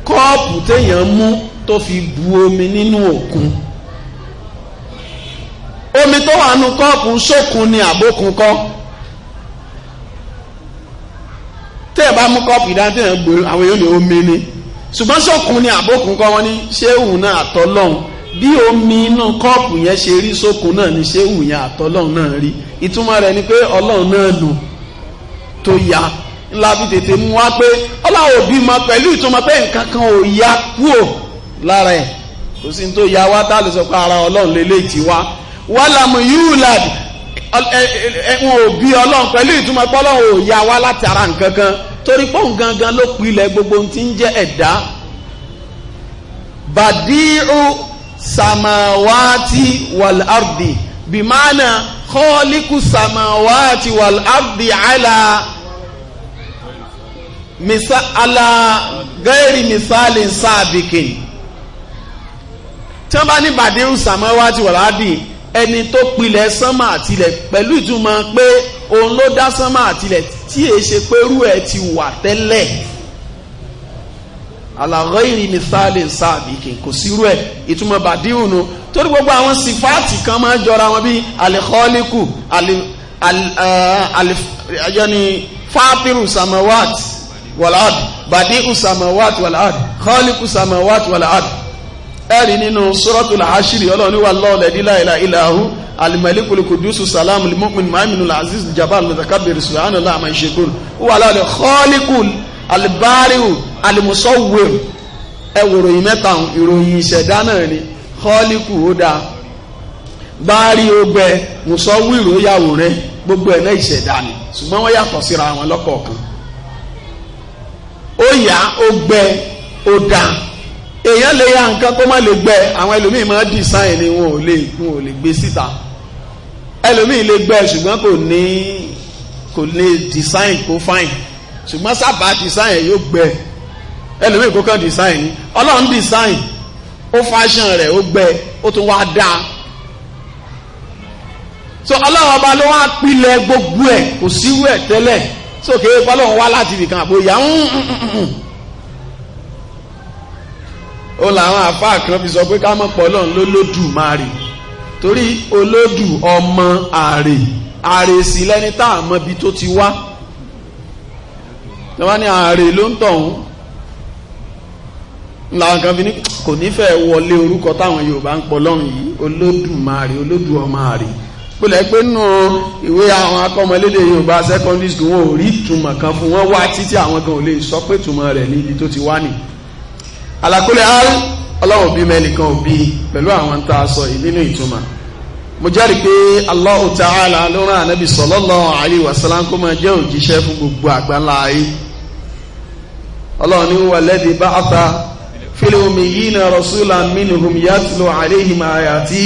kọ́ọ̀pù téèyàn mú tó fi bu omi nínú òkun omi tó wà nù kọ́ọ̀pù sókun ni àbókun kọ́ tẹ́ẹ̀ bá mú kọ́ọ̀pù ìdáńtẹ́ yẹn gbòòrò àwọn èèyàn ní omi ni ṣùgbọ́n sókun ni àbókun kọ́ wọ́n ní ṣéwù náà àtọ́lọ́hún bí omi inú kọ́ọ̀pù yẹn ṣe rí sókun náà ni ṣéwù yẹn àtọ́lọ́hún náà rí ìtumọ̀ rẹ̀ ni pé ọlọ́run náà nù. No tó ya ńlá fi tètè mú wá pé ọláwọ̀ òbí ma pẹ̀lú ìtumọ̀ pé nǹkan kan ò ya kúò lára ẹ̀ kò sí tó ya wá tá a lè sọ pé ara ọlọ́run lè lè jí wá wàlámù yúùlàd ẹ̀wọ̀n òbí ọlọ́run pẹ̀lú ìtumọ̀ pé ọlọ́run ò ya wá láti ara nǹkan kan torí pé gangan ló pilẹ̀ gbogbo ohun tí ń jẹ́ ẹ̀dá bàdíù sàmàwátì wàlárdi bìmánà khaliqu samawati wal ardi ala misa ala gairi misali sábìkì tí wọ́n bá ní bàdírù samawati wal ardi ẹni tó pilẹ̀ sánmà àtilẹ̀ pẹ̀lú ìtumọ̀ pé òun ló dá sánmà àtilẹ̀ tí èé ṣe pé rú ẹ̀ ti wà tẹ́lẹ̀ àlàgọ́yìrì mìsáàlì sáàbìkì kò sírú ẹ̀ ìtumọ̀ bàdíhù nu torí gbogbo àwọn sífáàtì kan máa ń jọra wọn bí alikọ́líkù àjọni fápírù samawat wàláàd bàdíhù samawat wàláàd kọ́líkù samawat wàláàd ẹ̀rí nínú sọ́rọ́tùlà àṣírí ọlọ́ọ̀ni wà lọ́ọ̀lẹ̀ dílà ìlà ìlàhù alimẹ́líkùlù kùdùsù sàlámù lìmọ́kùnrin mahaminu aziz jabal mutakabbir subhanallah àmà ìṣègùn wàláàd kọ́líkù alibariu alimusowem ẹ wòrò yìí mẹ́ta ìròyìn ìṣẹ̀dá náà ni kọ́ọ́líkù ó dáa báárí ogbẹ musowiro yàwó rẹ gbogbo ẹ̀ náà ìṣẹ̀dá ni ṣùgbọ́n wọ́n yàtọ̀ síra wọn lọ́kọ̀ọ̀kan ó yá ó gbẹ ó dáa èèyàn lè ya nǹkan kó má lè gbẹ àwọn ẹlòmíì máa dìsáìn ni wọn ò lè wọn ò lè gbé síta ẹlòmíì lè gbẹ ṣùgbọ́n kò ní kò lè dìsáìn kó fáìn ṣùgbọ́n sábà design yóò gbẹ ẹlòmíì kó kàn design ni ọlọ́run design ó fashion rẹ̀ ó gbẹ ó tún wá dáa so ọlọ́run ọba ló wá pilẹ̀ gbogbo ẹ̀ kò síwú ẹ̀ tẹ́lẹ̀ so kéé fọlọ́run wá láti ibìkan àbóyá ń ó làwọn àfáà kan fi sọ pé ká mọ̀ pọ̀ lọ́n lólódùmarè torí olódù ọmọ àrè àrè sí lẹ́ni tá a mọ̀ tó ti wá ní wọ́n ní ààrẹ ló ń tọ̀hún làwọn kan fi ní kò nífẹ̀ẹ́ wọlé orúkọ táwọn Yorùbá ń pọ̀ lọ́rùn yìí Olódùmarè Olódùọmarè gbọ́dọ̀ pé nù ìwé àwọn akọ́mọlédè Yorùbá secondary school wọn ò rí ìtumọ̀ kan fún wọn wá títí àwọn kan ò lè sọ pé ìtumọ̀ rẹ̀ ní ibi tó ti wá nì alákólé al ọlọ́run bí mẹ́nìkan ò bí pẹ̀lú àwọn tá a sọ yìí nínú ìtumọ̀ mo jẹ́rìí pé Allahu Ta'ala ló rán ànábì sallallahu alaihi wasallam kó máa jẹ́ òjíṣẹ́ fún gbogbo àgbáńlá ayé ọlọ́run ní wà lẹ́dí bá àtà fílẹ̀ omi yìí na rọ̀súlà mínúhùm yàtìlò àléhìm àyàtí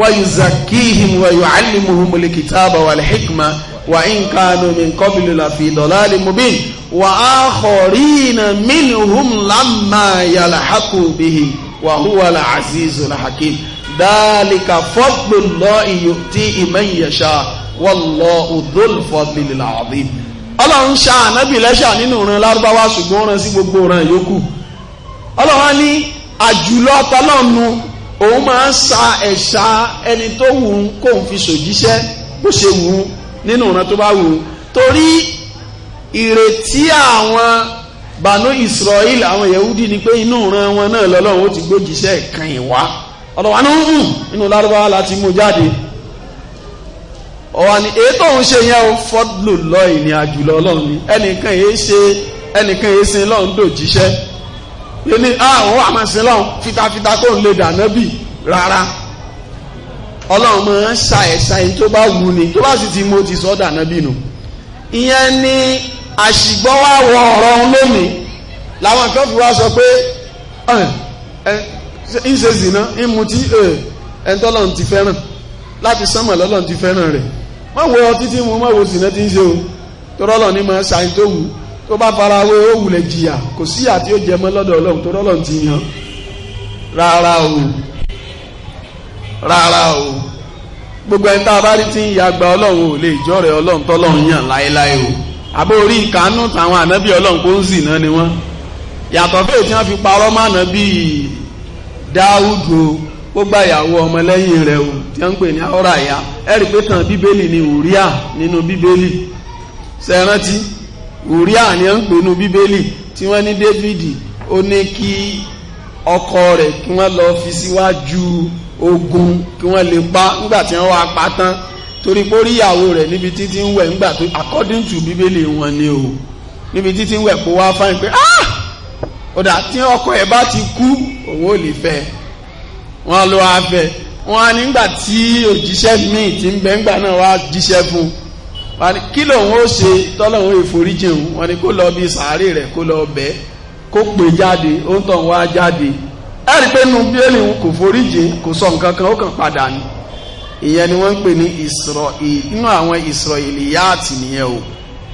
wáyù zakíhìm wáyù alìmùhùm lèkìtàbà wà lẹ́hìkìmà wà ń kánú mi kọ́bìlì láfi dọ̀láàlì mubin wà á kọ̀rí na mínúhùm lámà yàlàhàkù bìhì wà húwà làásìzù làhàkìm dáàlìkà fọ́gbọ̀lọ́ ìyòtí ìmẹ̀yẹ̀ṣà wọ́lọ́ òdòlùfọ́ bìlì làdìm ọlọ́run ṣa ànábì lẹ́ṣà nínú ìran lárúbáwá ṣùgbọ́n ó rán sí gbogbo ìran yòókù ọlọ́run ní àjùlọ tọ́lọ́nu òun máa ń sa ẹ̀ṣà ẹni tó wù ú kó ń fi ṣòjíṣẹ́ bó ṣe wù ú nínú ìran tó bá wù ú torí ìrètí àwọn bànú Israel àwọn Yahudi ni pé inú ìran wọn náà lọ́lọ́run ó ti gbójíṣẹ́ ìkànnì wá ọ̀rọ̀ wa ní ń hù nínú lárúbáwá láti mú jáde ọ̀wà ni èyí tó ń ṣe yẹn o fọ́dùlù lọ ìní àjùlọ ọlọ́run ni ẹnìkan èyí ṣe ẹnìkan èyí sin lọ́run dò jíṣẹ́ ẹni àwọn àmọ́ sin lọ́run fitafita kó ń lè dàná bì rárá ọlọ́run máa ń ṣa ẹ̀ṣà yìí tó bá wù ni tó bá sì ti mo ti sọ dàná bì nù ìyẹn ni àṣìgbọ́wáwọ ọ̀rọ̀ lónìí làwọn kan fi wá sọ pé ń ṣe zìnà ń mutí ẹ̀ ń tọ́lọ́run ti fẹ́ràn láti sánmọ̀ lọ́lọ́run ti fẹ́ràn rẹ̀ má wo ọtí tí mu má wo sìnà tí ń ṣe o torọ́lọ̀ ní ma ṣàyìn tó wù tó bá fara wé ó wulẹ̀ jìyà kò sí àti ó jẹ mọ́ lọ́dọ̀ ọlọ́run torọ́lọ̀ ti yàn rárá o rárá o gbogbo ẹni tá a bá rí tí ń ya gba ọlọ́run ò lè jọ́rẹ̀ ọlọ́run tọ́lọ́run yàn láéláé o àbó orí ìkànnù táwọn ànábì ọlọ́run kó ń sìnà ni wọ́n yàtọ̀ fẹ́ẹ̀ tí wọ́n fi parọ́ mọ́ ànábì Dáúdù ó gbàyàwó ọmọlẹ́yìn rẹ̀ o tí wọ́n ń pè ní àwọ́rà ìyá ẹ̀rì pé tàn bíbélì ni ùríà nínú bíbélì sẹ́rántí ùríà ni wọ́n ń pè nínú bíbélì tí wọ́n ní David ó ní kí ọkọ rẹ̀ kí wọ́n lọ fi síwájú ogun kí wọ́n lè pa nígbà tí wọ́n wá pa tán torí pé ó rẹ̀ níbi títí ń wẹ̀ nígbà tó according to bíbélì wọn ni o níbi títí ń wẹ̀ kó wá fáyín pé ah ọ̀dà tí ọkọ ẹ̀ bá ti kú òun ò lè fẹ́ wọ́n lọ afẹ́ wọ́n á nígbà tí òjíṣẹ́ míì ti ń bẹ ńgbà náà wá jíṣẹ́ fún wọ́n ní kí lòun ó ṣe tọ́lọ́hún ìforíjìn òun wọ́n ní kó lọ bí sàárè rẹ̀ kó lọ bẹ́ kó pè jáde ó ń tàn wá jáde ẹ rí i pé nu bíélì kò foríjìn kò sọ nǹkan kan ó kàn padà ni ìyẹn ni wọ́n ń pè ní ìsọ̀rọ̀ inú àwọn ìsọ̀rọ̀ ìlìyáàtì nìyẹn o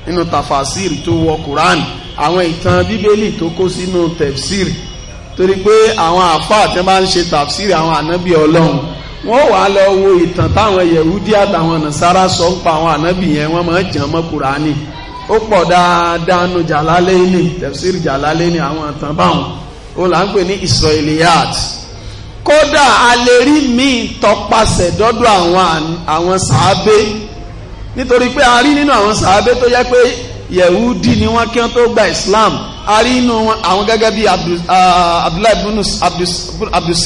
nínú tafasir tó wọ Quran àwọn ìtàn bíbélì tó kó sínú tafsir torí pé àwọn àfáà tí wọ́n bá ń ṣe tafsir àwọn ànábì ọlọ́run wọ́n wà lọ wo ìtàn táwọn yẹ̀húdí àtàwọn nàṣàrà sọ ń pa àwọn ànábì yẹn wọ́n máa jàn mọ́ kùránì ó pọ̀ dáadáa nu jàlálẹ́ni tẹ̀síìrì jàlálẹ́ni àwọn ìtàn báwọn ó là ń pè ní israeliyat kódà alẹ́rí míì tọpasẹ̀ dọ́dọ̀ àwọn sàábé nítorí pé a rí nínú àwọn sàábé tó yẹ pé yẹ̀húdí ni wọ́n kí wọ́n tó gba islam a rí nínú àwọn gẹ́gẹ́ bí abdulsalam. Ah, Abdus, uh, Abdus, Abdus,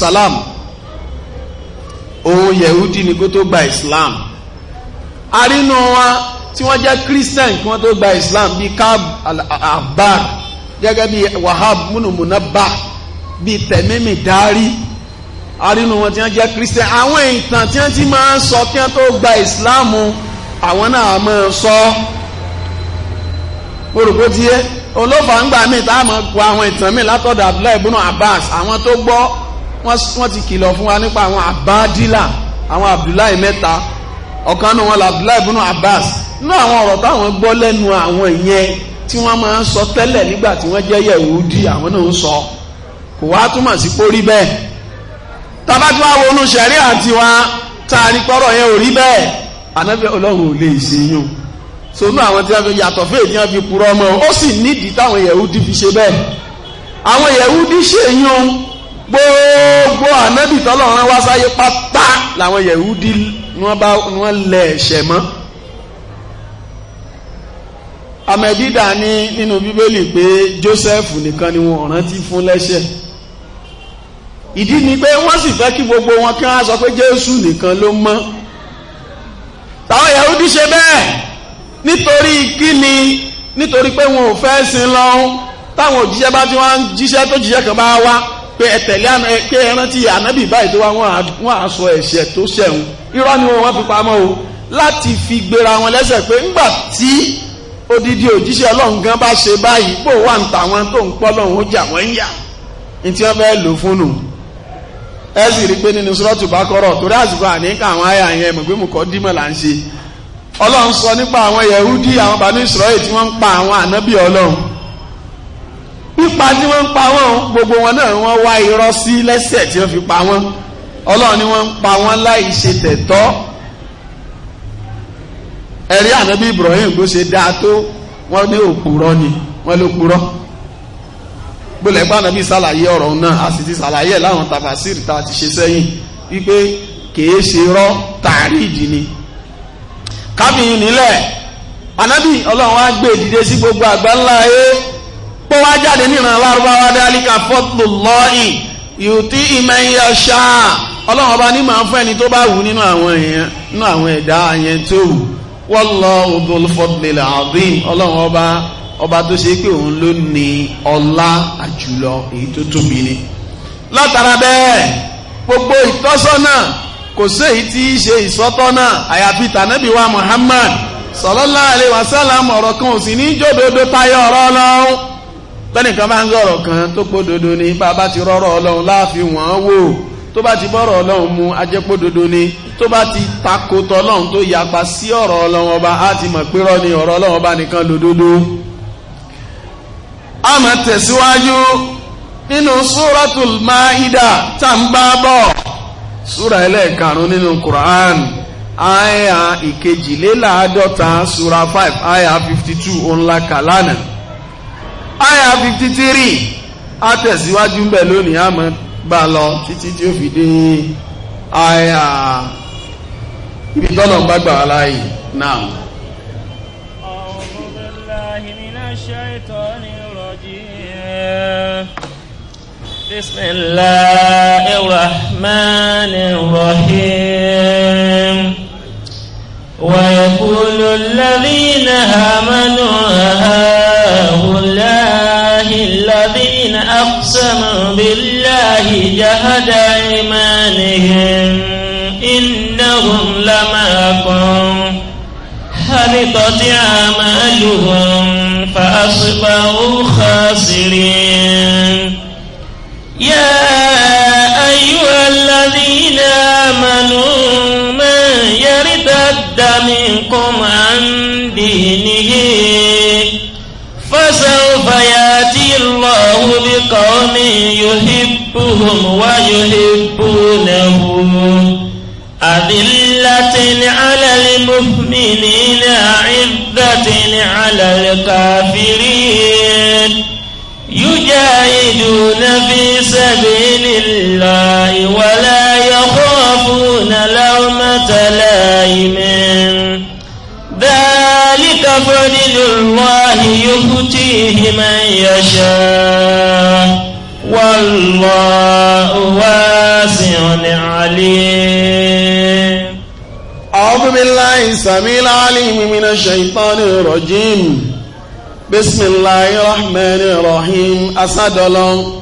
òun yẹ̀húdí ni kó tó gba islam arínú wọn tí wọ́n jẹ́ christian kí wọ́n tó gba islam bíi kab abar gẹ́gẹ́ bíi wahab múnumúnabba bíi tẹ̀mímì dárí arínú wọn tí wọ́n jẹ́ christian àwọn ìtàn tí wọ́n ti máa ń sọ kí wọ́n tó gba islam àwọn náà máa ń sọ orúkọ tiẹ̀ olófàǹgbà mi tá a máa kó àwọn ìtàn mi látọ̀dọ̀ abdullahi ibùnú abbas àwọn tó gbọ́ wọ́n ti kìlọ̀ fún wa nípa àwọn àbádìlà àwọn Abdullahi mẹ́ta ọ̀kan náà wọn là Abdullahi ibùnú Abbas nínú àwọn ọ̀rọ̀ táwọn gbọ́ lẹ́nu àwọn ìyẹn tí wọ́n máa ń sọ tẹ́lẹ̀ nígbà tí wọ́n jẹ́ Yẹ̀wúdì àwọn náà ń sọ kò wá túmọ̀ sí pórí bẹ́ẹ̀ tabatu wa wọnú sẹ̀rí àti wa taari kọ́rọ̀ yẹn ò rí bẹ́ẹ̀ ànábì ọlọ́run ò lè ṣe yún sonú àwọn tí wọ́n fi yàtọ̀ fún èdè wọn fi purọ́ mọ́ ó sì nídìí táwọn Yẹ̀wúdì fi ṣe bẹ́ẹ̀ àwọn Yẹ̀wúdì ṣe yún gbogbo ànábì tọ́lọ́run wá sáyé pátá làwọn yẹ̀húdí ni wọ́n bá wọ́n lẹ̀ ẹ̀ṣẹ̀ mọ́ amẹ́dídà ní nínú bíbélì pé Jósẹ́fù nìkan ni wọ́n rántí fún lẹ́ṣẹ̀ ìdí ni pé wọ́n sì fẹ́ kí gbogbo wọn kí wọ́n sọ pé Jésù nìkan ló mọ́ táwọn yẹ̀húdí ṣe bẹ́ẹ̀ nítorí kíni nítorí pé wọn ò fẹ́ sin lọ́hún táwọn òjíṣẹ́ bá ti wọ́n ń tó jíṣẹ́ kan bá wá pé ẹ tẹ̀lé pé ẹ rántí ànábì báyìí tó wá wọ́n á sọ ẹ̀ṣẹ̀ tó ṣẹ̀hún irọ́ ni wọ́n fi pamọ́ o láti fi gbéra wọn lẹ́sẹ̀ pé ńgbà tí odidi òjíṣẹ́ ọlọ́run gan bá ṣe báyìí pò wà ń tàwọn tó ń pọ́ lọ́run ó jà wọ́n ń yà ní tí wọ́n fẹ́ lò fún nù ẹ sì rí i pé nínú sọ́ọ̀tù bá kọ́rọ̀ torí àsìkò àníkà àwọn àyà yẹn mọ̀ pé mo kọ́ dímọ̀ là ń ṣe ọlọ́run sọ nípa àwọn yẹ̀húdí àwọn bàánú ìsọ̀rọ̀ èyí pípa tí wọ́n ń pa wọ́n gbogbo wọn náà wọ́n wá irọ́ sí lẹ́sẹ̀ tí wọ́n fi pa wọ́n ọlọ́run ni wọ́n ń pa wọ́n láì ṣe tẹ̀tọ́ ẹ̀rí ànábì Ibrahim ló ṣe dáa tó wọ́n ní òpùrọ́ ni wọ́n ló purọ́ gbọ́dọ̀ ẹ̀gbọ́n ànábì ṣàlàyé ọ̀rọ̀ náà a sì ti ṣàlàyé ẹ̀ láwọn tafasiri tá a ti ṣe sẹ́yìn wípé kìí ṣe rọ́ tàríìdì ni kábìyìn nílẹ̀ ànábì ọlọ́run á gbé ìdíje sí gbogbo àgbáńlá ayé. pọ́ wa jáde níran lárúbáwá dálíkà fọ́tò lọ́ọ̀ì yòtí ìmọ̀ ẹ̀yà ọlọ́run ọba ní màá fún ẹni tó bá wù nínú àwọn èèyàn nínú àwọn ẹ̀dá yẹn tó wù wallahu dhul ọba ọba tó ṣe pé òun ló ní ọlá àjùlọ èyí tó gbogbo ìtọ́sọ́nà kò séyìí tí í ṣe àyàfi Muhammad wasallam ọ̀rọ̀ ò sì ní tẹ́nìkan bá ń sọ̀rọ̀ kan tó pódodo ni bàbá ti rọ́rọ̀ ọlọ́run láàfin wọ́n wò tó bá ti bọ́rọ̀ ọlọ́run mu ajẹ́pódodo ni tó bá ti tako tọlọ́run tó yapa sí ọ̀rọ̀ ọlọ́run ọba á ti mọ̀ pé rọ́ ni ọ̀rọ̀ ọlọ́run ọba nìkan lòdodo. a máa tẹ̀síwájú nínú súratul Maida tá ń bá bọ̀ súra ẹlẹ́ẹ̀karùn-ún nínú Quran aya ìkejìléláàádọ́ta súra five aya fifty two òǹlà kàlánà àyà fifty three á tẹ̀síwájú mbẹ̀ lónìí àmọ́ bá a lọ títí tí ó fi dé àyà ibi tọ́nà ń bá gbà wá láàyè náà. A'udhu billahi minash shaitanir ويقول الذين آمنوا هذا الله الذين أقسموا بالله جهد إيمانهم إنهم لماكم حبطت أعمالهم فأصبحوا خاسرين يا أيها الذين آمنوا من يرتد منكم عن بقوم يحبهم ويحبونه أذلة على المؤمنين عزة على الكافرين يجاهدون في سبيل الله ولا يخافون لومة لائم فضل الله يؤتيه من يشاء والله واسع عليم أعوذ بالله السميع العليم من الشيطان الرجيم بسم الله الرحمن الرحيم أسعد الله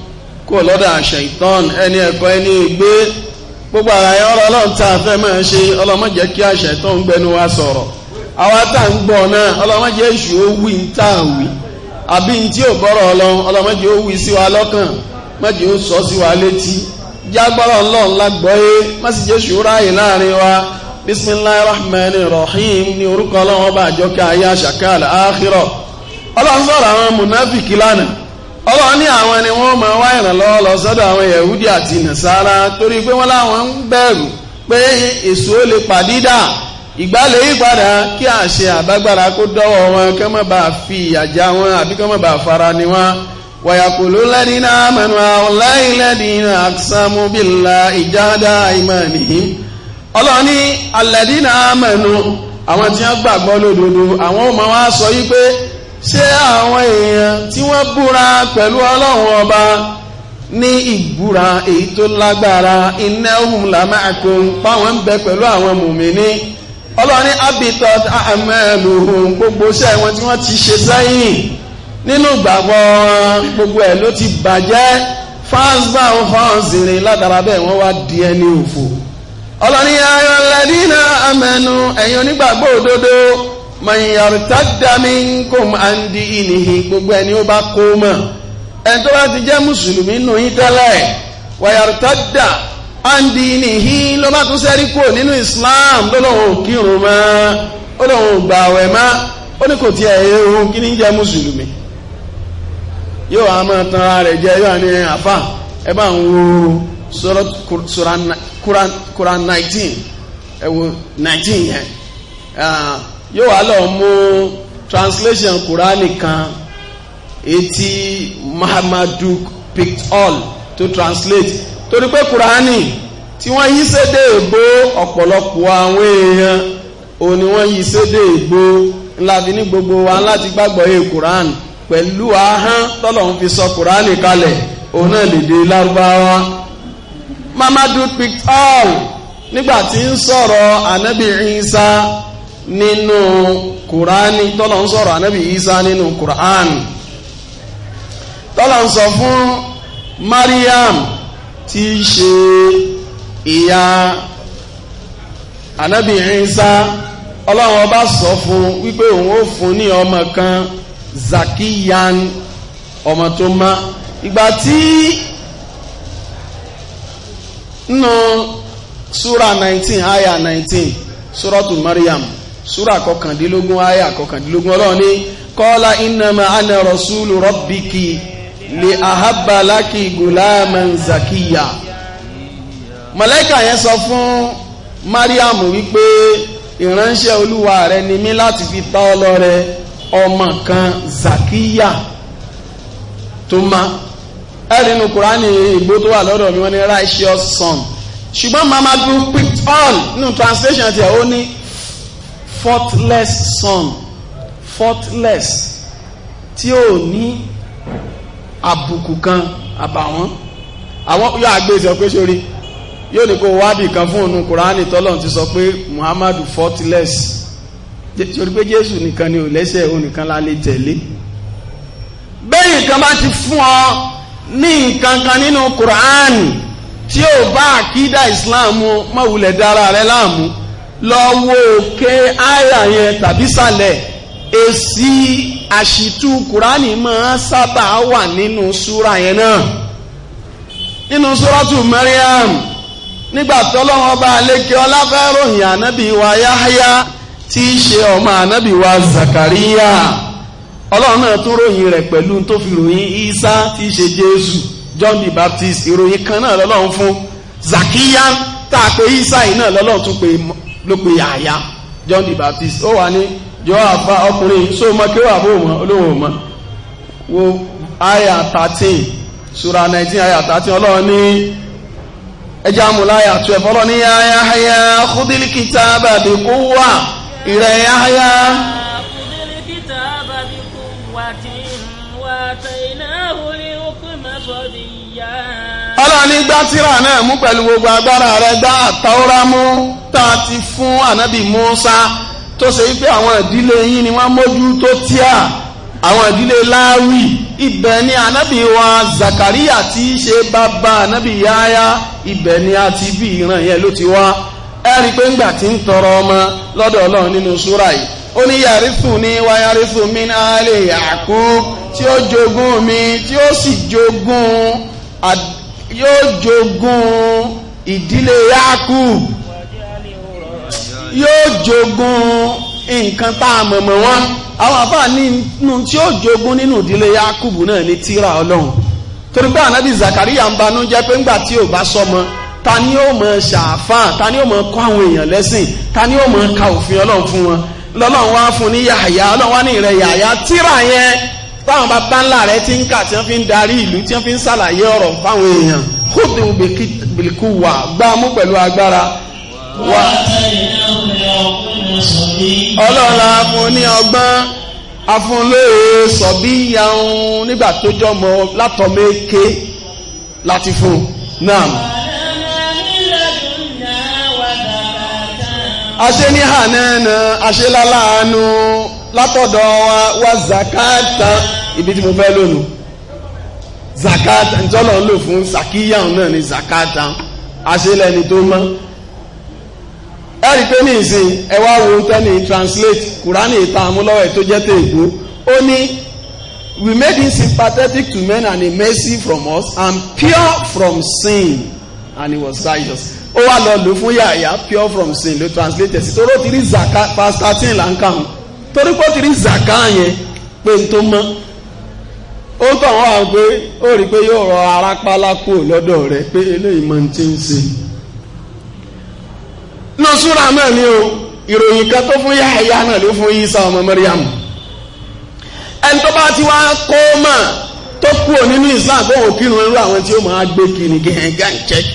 kúrò lọ́dọ̀ àṣẹ̀tàn ẹni ẹ̀kọ́ ẹni ìgbé gbogbo àràyẹ ọ̀rọ̀ ọlọ́run tá a fẹ́ máa ṣe ọlọ́mọ jẹ́ kí àṣẹ̀tàn ń gbẹnu wa sọ̀rọ̀ àwa tá ń gbọ́ náà ọlọ́mọdé èṣù ó wí ń tà àbí ní tí ò bọ́rọ̀ ọlọ́run ọlọ́mọdé ó wí sí wa lọ́kàn mọ́jì ó sọ sí wa létí jágbọ́rọ̀ ọlọ́run lágbọ́yé ráàyè wa rahman rahim ni orúkọ ọlọ́run ọba àjọkẹ́ ayé àṣàkàlà áhírọ̀ ọlọ́run sọ̀rọ̀ àwọn mùnáfìkì lánàá ni èso lè ìgbàlẹ̀ yípadà kí àṣẹ àbágbára kó dọ́wọ́ wọn kí wọ́n bá fi ìyàjá wọn àbí kí wọ́n bá fara ni wọn wàyàkùlù lẹ́dínà àmànù àwọn lẹ́dínà àkísàmù bílà ìjádá ìmọ̀nì ọlọ́ni alẹ́dínà àmànù àwọn tí wọ́n gbàgbọ́ lódodo àwọn ọmọ wa sọ yí pé ṣé àwọn èèyàn tí wọ́n búra pẹ̀lú ọlọ́run ọba ní ìbúra èyí tó lágbára iná ohun làmáàkùn páwọn ń bẹ pẹ̀lú àwọn mùmíní ọlọ́run ní abitọ́ àmẹ́lùhùn gbogbo iṣẹ́ wọn tí wọ́n ti ṣe sẹ́yìn nínú ìgbàgbọ́ gbogbo ẹ̀ ló ti bàjẹ́ fásbà ń fọ́n sìnrìn ládàra bẹ́ẹ̀ wọ́n wá di ẹni òfò ọlọ́ni ayọ̀ lẹ́dínà amẹ́nu ẹ̀yin onígbàgbọ́ òdodo mọ̀nyàrìtàdàmínkùn àǹdí ìnìhì gbogbo ẹni ó bá kó mọ̀ ẹni tó bá ti jẹ́ mùsùlùmí nù yín tẹ́lẹ̀ wàyàrìtàdà ọ́ndì nìhí ló bá tún sẹ́rí kúrò nínú Islam lọ́lọ́hun kírun mọ́ ó lọ́hun gbààwẹ̀ mọ́ ó ní kò tiẹ̀ ohun kí ní jẹ́ mùsùlùmí yóò á máa tan ara rẹ̀ jẹ́ yóò á ní àfà ẹ bá ń wo sọ́rọ́ Quran 19 ẹ wo 19 yẹn yóò wá lọ mú translation Quran kan etí Mahamadu Pictol to translate torí pé kùránì tí wọ́n yí sédè ègbó ọ̀pọ̀lọpọ̀ àwọn èèyàn ò ní wọ́n yí sédè ègbó ńlá fi ní gbogbo wa láti gbàgbọ́ yé kùránì pẹ̀lú ahán tọ́lọ́hun fi sọ kùránì kalẹ̀ òun náà lè dé lárúbáwá mamadu pictal nígbà tí ń sọ̀rọ̀ ànábì Ìsá nínú kùránì tọ́lọ́hun sọ̀rọ̀ ànábì Ìsá nínú kùránì tọ́lọ́hun sọ fún Mariam tí í ṣe ìyá ànábì Ìsá ọlọ́run ọba sọ fún wípé òun ó fún ní ọmọ kan zakiyan ọmọ tó má ìgbà tí nù súra 19 aya 19 súrọ́tù mariam súra kọkàndínlógún aya kọkàndínlógún ọlọ́run ní kọ́lá innama ana rasulu rabbiki lè ahaba lákì gulaman zakiya màláíkà yẹn sọ fún mariam wípé ìránṣẹ́ olúwa rẹ ni mí láti fi ta ọ lọ́rẹ ọmọ kan zakiya tó ma ẹ nínú ìgbó tó wà lọ́dọ̀ mi wọ́n ní righteous son ṣùgbọ́n mama group picked on nínú translation tiẹ̀ ó ní faultless son faultless tí ò ní àbùkù kan àbàwọ́n àwọn yóò àgbé sọ pé sórí yóò ní kó wádìí kan fún òun kùránì tọ́lọ̀ ti sọ pé muhammadu faultless sórí pé jésù nìkan ni ò lẹ́sẹ̀ òun nìkan la lè tẹ̀lé bẹ́ẹ̀ nǹkan bá ti fún ọ ní nǹkan kan nínú kùránì tí ò bá àkídà islam mọ̀wulẹ̀ dára rẹ láàmú lọ wo òkè àyà yẹn tàbí sàlẹ̀ èsì àṣìtú kùránì máa sábà wà nínú súra yẹn náà nínú súratu Maryam nígbà tọ́lọ́wọ́n bá lékè ọláfẹ́ ròyìn ànábì wa Yahya tí í ṣe ọmọ ànábì wa Zakariya ọlọ́run náà ròyìn rẹ̀ pẹ̀lú tó fi ròyìn Isa tí í John the Baptist ìròyìn kan náà lọ́lọ́run fún Zakiya tá a Isa yìí náà lọ́lọ́run John the Baptist ó wà ní yọ àfa ọkùnrin só mọ kí wà fún òmọ olóhùn mọ wo aya thirteen sura nineteen aya thirteen ọlọ́run ní ẹjẹ́ amúláyà twelve ọlọ́run ní yáyá yáyá khudil kitaba bi quwwa ìrẹ̀ yáyá. ọlọ́run ní gbá tírà náà mú pẹ̀lú gbogbo agbára rẹ̀ gbá àtàwọ́rá mú tá a ti fún ànábì Musa tó ṣe wípé àwọn ìdílé yín ni wọ́n mójú tó tíà àwọn ìdílé láwì ibẹ̀ ni ànábì wa Zakariya ti ṣe bàbá ànábì Yahya ibẹ̀ ni a ti bí ìran yẹn ló ti wá ẹ̀rí pé ńgbà tí ń tọrọ ọmọ lọ́dọ̀ Ọlọ́run nínú súrà yìí ó ní yàrífù ní wa yàrífù mi náà lè Yakub tí ó jogún mi tí ó sì jogún yóò jogún ìdílé Yakub yóò jogun nǹkan tá a mọ̀mọ̀ wọn àwọn àbá nínú tí ó jogun nínú ìdílé Yakubu náà ní tíra ọlọ́run torí pé ànábì Zakariya ń banú jẹ́ pé ńgbà tí ò bá sọmọ ta ni ó mọ ṣàfáà ta ni ó mọ kọ́ àwọn èèyàn lẹ́sìn ta ni ó mọ ka òfin ọlọ́run fún wọn lọ́lọ́run wá fún ní yàyà ọlọ́run wá ní ìrẹ yàyà tíra yẹn táwọn bàbá ńlá rẹ ti ń kà tí wọ́n fi ń darí ìlú tí wọ́n fi ń ṣàlàyé ọ̀rọ̀ fáwọn èèyàn kóòtù bìlìkù wà gbámú pẹ̀lú agbára wà ọlọ́la mo ní ọgbọ́n afúnlóye sọ̀bí yaun nígbà tó jọmọ látọ̀mẹ́kẹ́ láti fún náà. aṣe ní hànánà aṣe láláàánú látọ̀dọ̀ wa wa zakata ibi tí mo fẹ́ lónìí zakata ntọ́lọ́ ń lò fún sàkíyàn náà ní zakata aṣe lẹ́ni tó mọ́ ẹ̀rí pé ní ìsìn ẹ wá wo tẹ́ni translate kùránì ìta àmúlọ́wọ́ ẹ̀ tó jẹ́ tẹ̀ ègbó ó ní we made him sympathetic to men and a mercy from us and pure from sin and he was righteous ó wá lọ lò fún yàyà pure from sin ló translate sí toró ti rí zaka past thirteen là ń kà wọn torí pé ó ti rí zaka yẹn pé n tó mọ́ ó tàn wá pé ó rí i pé yóò rọ arápálákò lọ́dọ̀ rẹ̀ pé eléyìí máa ń ti ń sin. náà súra náà ni o ìròyìn kan tó fún Yahya náà ló fún Isa ọmọ Maryam ẹni tó bá ti wá kó mà tó kú òní ní Islam tó wò kírun irú àwọn tí ó máa gbé kiri gẹ̀ẹ́gàn check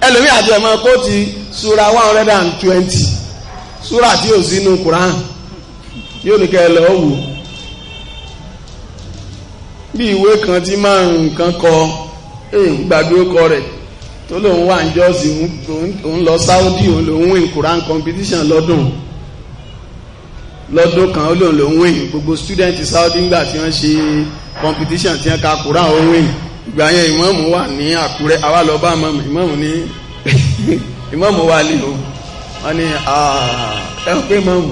ẹlòmíì kó ti súra one hundred and twenty súra tí ò sínú Quran yóò ní kẹ́ ẹ lọ́ọ́ wò bí ìwé kan ti márùn kọ gbàgbé tó lòun wà ń jọ́sì òun lọ Saudi òun lòun win Quran competition lọ́dún lọ́dún kan ó lòun lòun win gbogbo student Saudi ńgbà tí wọ́n ṣe competition tí wọ́n ka Quran ó win ìgbà yẹn ìmọ̀mù wà ní Àkúrẹ́ àwa lọ bá mọ̀mù ìmọ̀mù ní ìmọ̀mù wà lè o wọ́n ní ah, ẹ pé mọ̀mù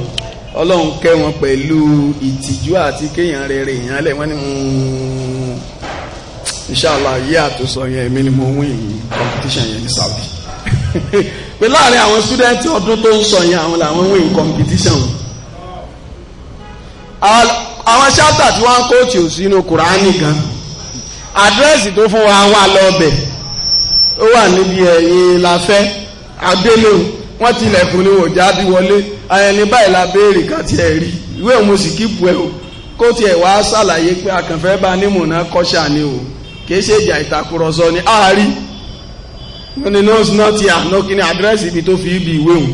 ọlọ́run kẹ́ wọn pẹ̀lú ìtìjú àti kéèyàn rere ìyànlẹ̀ wọ́n ní hmm inshallah yíyà tó sọ yẹn èmi ni mo win competition yẹn ní Saudi pé láàrin àwọn student ọdún tó ń sọ yẹn àwọn làwọn win competition àwọn ṣáàtà tí wọ́n ń kóòtì ò sínú kùránì gan àdírẹ́sì tó fún wa wà lọ́ọ̀bẹ̀ ó wà níbi ẹ̀yìn láfẹ́ adélò wọ́n tilẹ̀kùn ní òjá bí wọlé ayẹni báyìí la béèrè ká tiẹ̀ rí ìwé òun sì kíkù ẹ o kó tiẹ̀ wá ṣàlàyé pé àkànfẹ́ bá nímùnà kọ́ṣà ni o. kìí ṣe ìjà ìtàkùrọ̀sọ ni ààrí wọ́n ni nọ́ọ̀sì náà ti àná kí ni àdírẹ́sì ibi tó fi ibi ìwé òun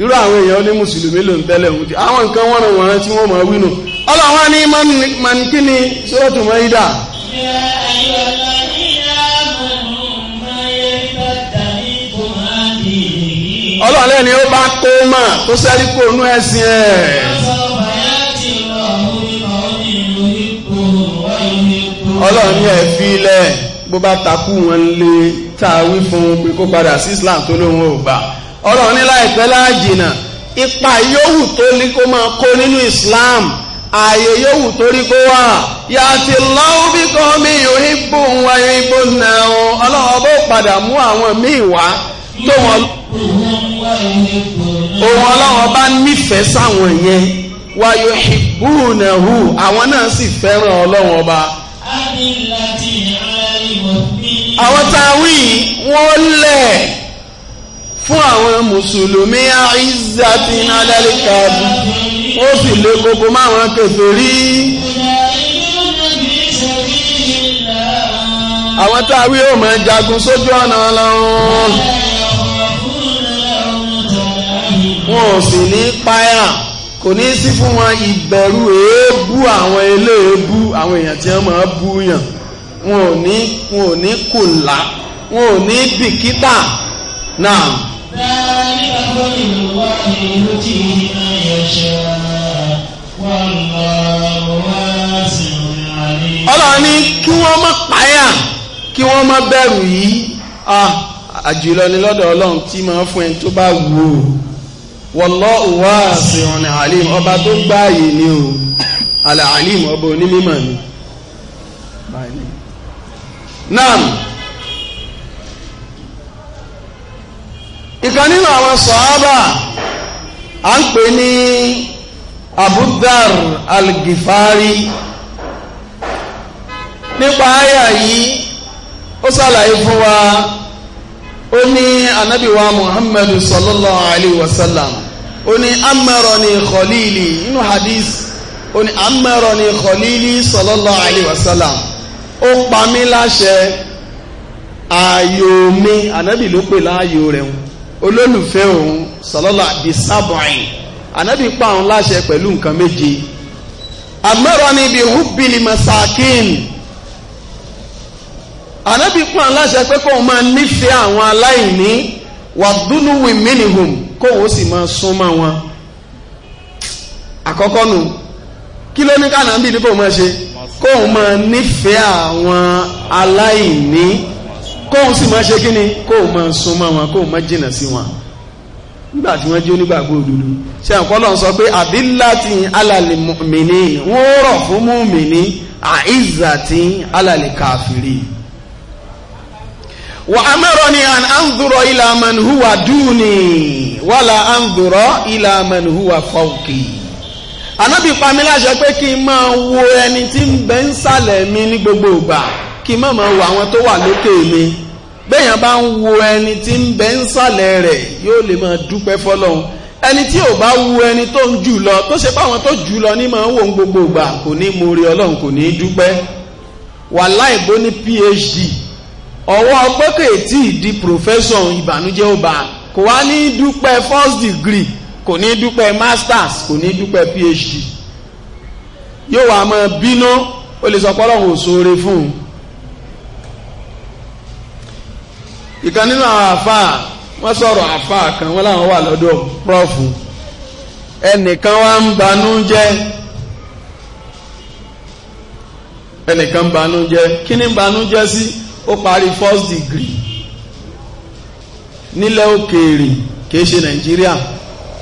irú àwọn èèyàn ní mùsùlùmí ló ń tẹ́lẹ̀ òun ti àwọn nǹkan wọ́n ràn wọ́n tí wọ́n mọ̀ wínú ọlọ́wọ́n ní mankini sóròtù mọ́ídà ọlọ́ọ̀lẹ́ni ó bá kó mà tó sẹ́rí kó nú ẹ̀sìn ẹ̀ ọlọ́run ní ẹ̀fí ilẹ̀ bó bá takú wọn lè tàwí fún pé kó padà sí Islam tó lóun ò gbà ọlọ́run ní láìpẹ́ láàjìnà ipa yòówù tó ní kó máa kó nínú Islam ààyè yòówù tó rí kó wà yàtì lọ́wọ́ kan mi yóò rí bò ń wáyé ibò náà ọlọ́run bó padà mú àwọn míì wá tó wọn òun ọlọ́run bá nífẹ̀ẹ́ sáwọn yẹn wáyé ìbúùnà hù àwọn náà sì fẹ́ràn ọlọ́run ọba àwọn táwí wọ́n lẹ̀ fún àwọn mùsùlùmí àìsàtì adálẹ́kàdù ó sì lé gbogbo máwọn kèfèrí àwọn táwí ó máa jagun sójú ọ̀nà ọlọ́run wọn ò sì ní páyà kò ní sí fún wọn ìbẹ̀rù èébú àwọn eléébú àwọn èèyàn tí wọ́n máa bú yàn wọn ò ní wọn ò ní kùlà wọn ò ní bìkítà náà. ọlọ́run ní kí wọ́n má páyà kí wọ́n má bẹ̀rù yìí ah, àjùlọ ni lọ́dọ̀ ọlọ́run tí máa fún ẹni tó bá wù ú wallahu wasi'un alim ọba tó gbáyé ní o al-alim ọba onímọ̀ ni náà ìkan nínú àwọn sọ̀hábà a ń pè ní abudar al nípa àyà yìí ó sàlàyé fún wa ó ní anabi wa muhammadu sallallahu alayhi wa sallam ó ní amarani khalili nínú hadith ó ní amarani khalili sallallahu alayhi wa sallam ó pa mí láṣẹ ààyò mi anabi ló pè láàyò rẹ̀ ń olólùfẹ́ òun sallallahu alayhi sábọ̀n anabi pa òun láṣẹ pẹ̀lú nǹkan méje amarani bi hubbil masakin ànábì pọ́n aláṣẹ pé kóun máa nífẹ̀ẹ́ àwọn aláìní wàdúlùwì mínìhùn kóun ó sì máa súnmọ́ wọn àkọ́kọ́ nù kí ló ní kànáà ń bì ní kóun máa ṣe kóun máa nífẹ̀ẹ́ àwọn aláìní kóun sì máa ṣe kí ni kóun máa súnmọ́ wọn kóun máa jìnnà sí wọn nígbà tí wọ́n jẹ́ onígbàgbọ́ òdodo ṣe àkọ́lọ̀ sọ pé àdíláti alàlè mìíní wọ́n rọ̀ fún mú mìíní àìzàtì alàlè kàfìrí وأمرني أن أنظر إلى من هو دوني ولا أنظر إلى من هو فوقي Ànábì pa mí láṣẹ pé kí n máa wo ẹni tí ń bẹ ń sàlẹ̀ mi ní gbogbo ìgbà kí n má máa wo àwọn tó wà lókè mi bẹ́ẹ̀yàn bá ń wo ẹni tí ń bẹ ń sàlẹ̀ rẹ̀ yóò lè máa dúpẹ́ fọlọ́hun ẹni tí ò bá wo ẹni tó ń jù lọ tó ṣe báwọn tó jù lọ ní máa ń wò gbogbo ìgbà kò ní mórí ọlọ́run kò ní dúpẹ́ wàláì bó ní PhD ọwọ́ ọgbọ́kẹ̀ tí di profession ìbànújẹ́ ó bá kò wá ní dúpẹ́ first degree kò ní dúpẹ́ masters kò ní dúpẹ́ phd yóò wá máa bínú ó lè sọ pọ́lọ́hùn òṣòre fún un ìkan nínú àwọn àfáà wọ́n sọ̀rọ̀ àfáà kan wọ́n láwọn wà lọ́dọ̀ prọ́fù ẹnìkan wá ń banú jẹ́ ẹnìkan banú jẹ́ kí ni banú jẹ́ sí. Si? ó parí first degree nílẹ̀ òkèèrè kìí ṣe nàìjíríà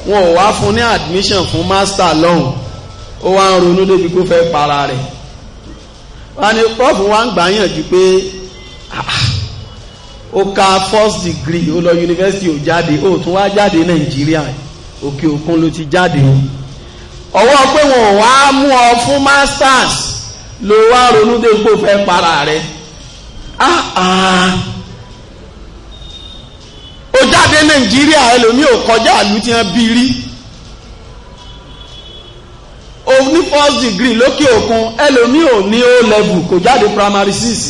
wọn ò wá fún ní admission fún master lọ́hùn ó wá ń ronú débi kó fẹ́ para rẹ̀ wọ́n ní wa ń gbàyànjú pé ah, ó ka first degree ó lọ yunifásitì ó jáde ó tún wá jáde nàìjíríà òkè òkun ló ti jáde ọwọ́ pé wọn ò wá mú ọ fún masters ló wá ronú débi kó fẹ́ para rẹ̀ ó ah, ah. jáde nàìjíríà ẹlòmíì ò kọjá ìlú tí wọ́n bí rí ó ní first degree lókè òkun ẹlòmíì ò ní o level kò jáde primary six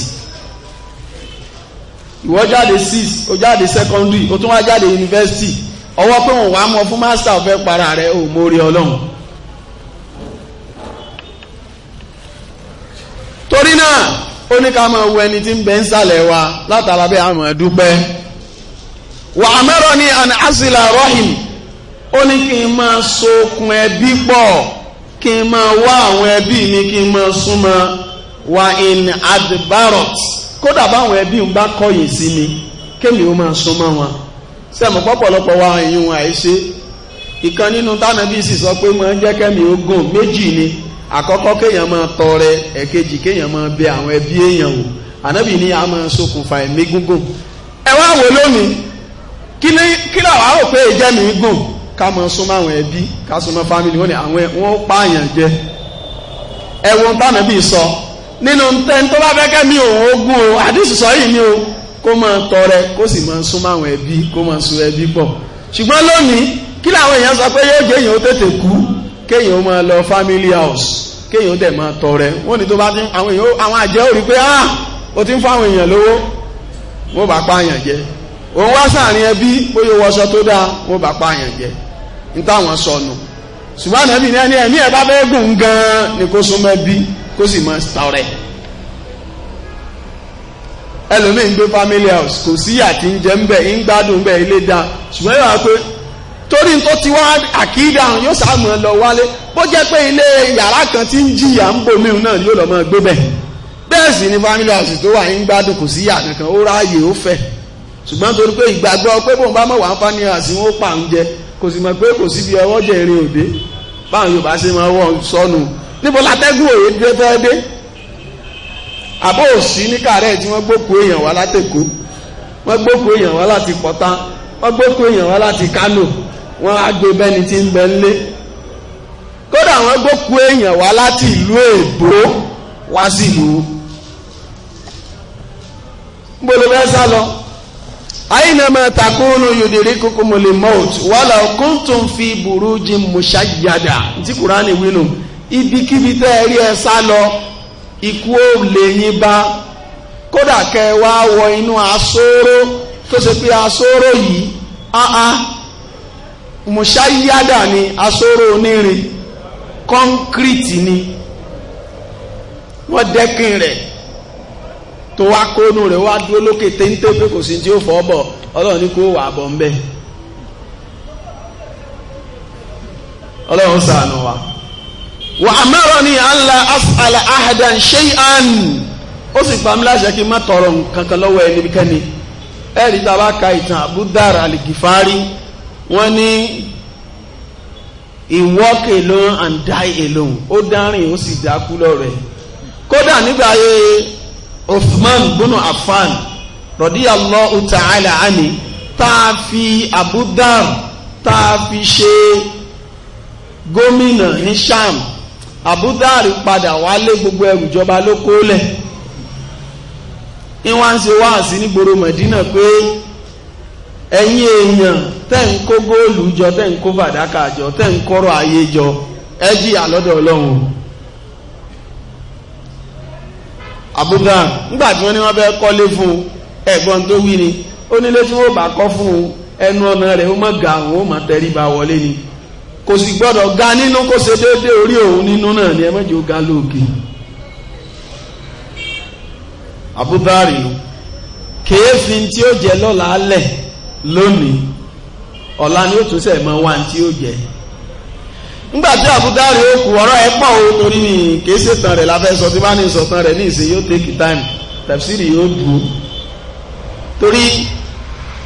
ìwọ jáde six ó jáde secondary ó tún wá jáde university ọwọ́ pé òun wàá mọ fún master ọ̀fẹ́ para rẹ̀ ò mórí ọlọ́run. torí náà ó ní ká máa wo ẹni tí ń bẹ ń sàlẹ̀ wa látara bí a máa dúpẹ́ wà mẹ́rọ ní an asila rahim ó ní kí n máa sokun ẹbí pọ̀ kí n máa wá àwọn ẹbí mi kí n máa súnmọ́ wà in adbarot kódà báwọn ẹbí ń bá kọ̀yìn sí mi kémi ó máa súnmọ́ wọn sẹ́mu pọ́pọ̀lọpọ̀ wa ìyún àìṣe ìkan nínú tánàbí sì sọ pé mo ń jẹ́ kẹ́mi ó gùn méjì ni àkọ́kọ́ kéèyàn máa tọrẹ ẹ̀kejì kéèyàn máa bẹ àwọn ẹbí èèyàn wò ànábì ní a máa ṣokùnfà ẹ̀mí gúngùn ẹ wá wò lónìí kí làwọn àrò pé ìjẹ́ mi gùn ká máa súnmọ́ àwọn ẹbí ká súnmọ́ fámìlì wọn ni àwọn wọn pààyàn jẹ ẹ̀wọ̀n tànàbì sọ nínú tẹ́ni tó bá fẹ́ kẹ́mi òun ogún o àdìsí yìí ni o kó máa tọrẹ kó sì máa súnmọ́ àwọn ẹbí kó máa sún ẹbí pọ̀ ṣùgbọ́n lónìí kí làwọn èèyàn sọ pé yóò kéèyàn ó lọ family house kéèyàn ó dẹ̀ máa tọrẹ wọ́n ní tó bá ti àwọn èèyàn àwọn àjẹ́ ò pé ah ó ti ń fáwọn èèyàn lówó wọ́n bá pààyàn jẹ òun wá sáàrin ẹbí bóyá wọṣọ tó dáa wọ́n bá pààyàn jẹ ní táwọn sọnù ṣùgbọ́n àná bìí ní ẹ̀mí ẹ̀ bá fẹ́ gùn gan-an ni kó súnmọ́ ẹbí kó sì máa tọrẹ ẹlòmíì gbé family house kò síyà tí ń jẹ ń bẹ̀ ń bẹ̀ ilé dáa ṣùgbọ́n yóò wá pé torí tó ti wá àkídà yóò sàmù lọ wálé bó jẹ́ pé ilé yàrá kan tí ń jìyà ń bomi náà yóò lọ mọ́ gbé bẹ̀ bẹ́ẹ̀ sì ni family house tó wà ń gbádùn kò sí yàrá kan ó ráàyè ó fẹ́ ṣùgbọ́n torí pé ìgbàgbọ́ pé bóun bá mọ̀ wá family house wọn ó pa ń jẹ kò sì mọ̀ pé kò síbi ọwọ́ jẹ ìrìn òde báwọn Yorùbá ṣe máa wọ̀ sọnù níbo látẹ́gùn òye dé fẹ́ dé àbó òsì ní kàrẹ́ tí wọ́n gbókù èèyàn wá látẹ̀kọ́ wọ́n gbókù èèyàn wá láti pọ̀tá wọ́n gbókù èèyàn wá láti Kánò wọn á gbé bẹ́ni tí ń bẹ lé kódà wọ́n gbókú èèyàn wá láti ìlú èbó wá sí ìlú gbólóbẹ́ sá lọ aynama takunu yudrikukumul maut walaw kuntum fi burujin mushayyada tí kùránì wínú ibikíbi tẹ́ ẹ rí ẹ sá lọ ikú ò lè yín bá kódà kẹ wá wọ inú asóró tó ṣe pé asóró yìí áá mùsáyádà ni asóró onírin kọ́ńkírìtì ni wọ́n dẹ́kin rẹ̀ tó wá kónú rẹ̀ wá dúró lókè téńté kò sí tí ó fọ́ bọ̀ ọlọ́run ní kó wà bọ̀ ń ọlọ́run wa. wà á mẹ́rọ ni ahadan ṣéyàn ó sì pa mí láṣẹ kí n má tọrọ nǹkan kan lọ́wọ́ ẹ̀rí tá a bá ka wọ́n ní he walk alone and die alone ó dárìn ó sì dákú lọ́rẹ̀ kódà nígbà ayé Uthman bunu Affan radiyallahu ta'ala ani tá a fi Abu Dhar tá a fi ṣe gómìnà ní Sham Abu Dhar padà wálé gbogbo ẹrù ìjọba ló kó lẹ̀ ìwọ̀n ṣe wáàsí nígboro Mẹ̀dínà pé ẹ̀yin èèyàn tẹ́ ń kó jọ tẹ́ ń jọ tẹ́ ń jọ ẹ jìyà ọlọ́run àbúdá nígbà tí wọ́n wọ́n fẹ́ kọ́lé fún ẹ̀gbọ́n tó wí ni ó nílé tí wọ́n bá kọ fún ẹnu ọ̀nà ó ga òun ó wọlé ni kò sì ga nínú kó ṣe déédéé orí lónìí ọ̀la ni ó tún sẹ̀ mọ́ wá tí ó jẹ nígbàtí àbúdárì ó kù ọ̀rọ̀ ẹ̀ pọ̀ o torí ni kìí ṣètàn rẹ̀ láfẹ́ sọ tí bá ní sọ̀tàn rẹ̀ ní ìsìn yóò take time tafsiri yóò dùn torí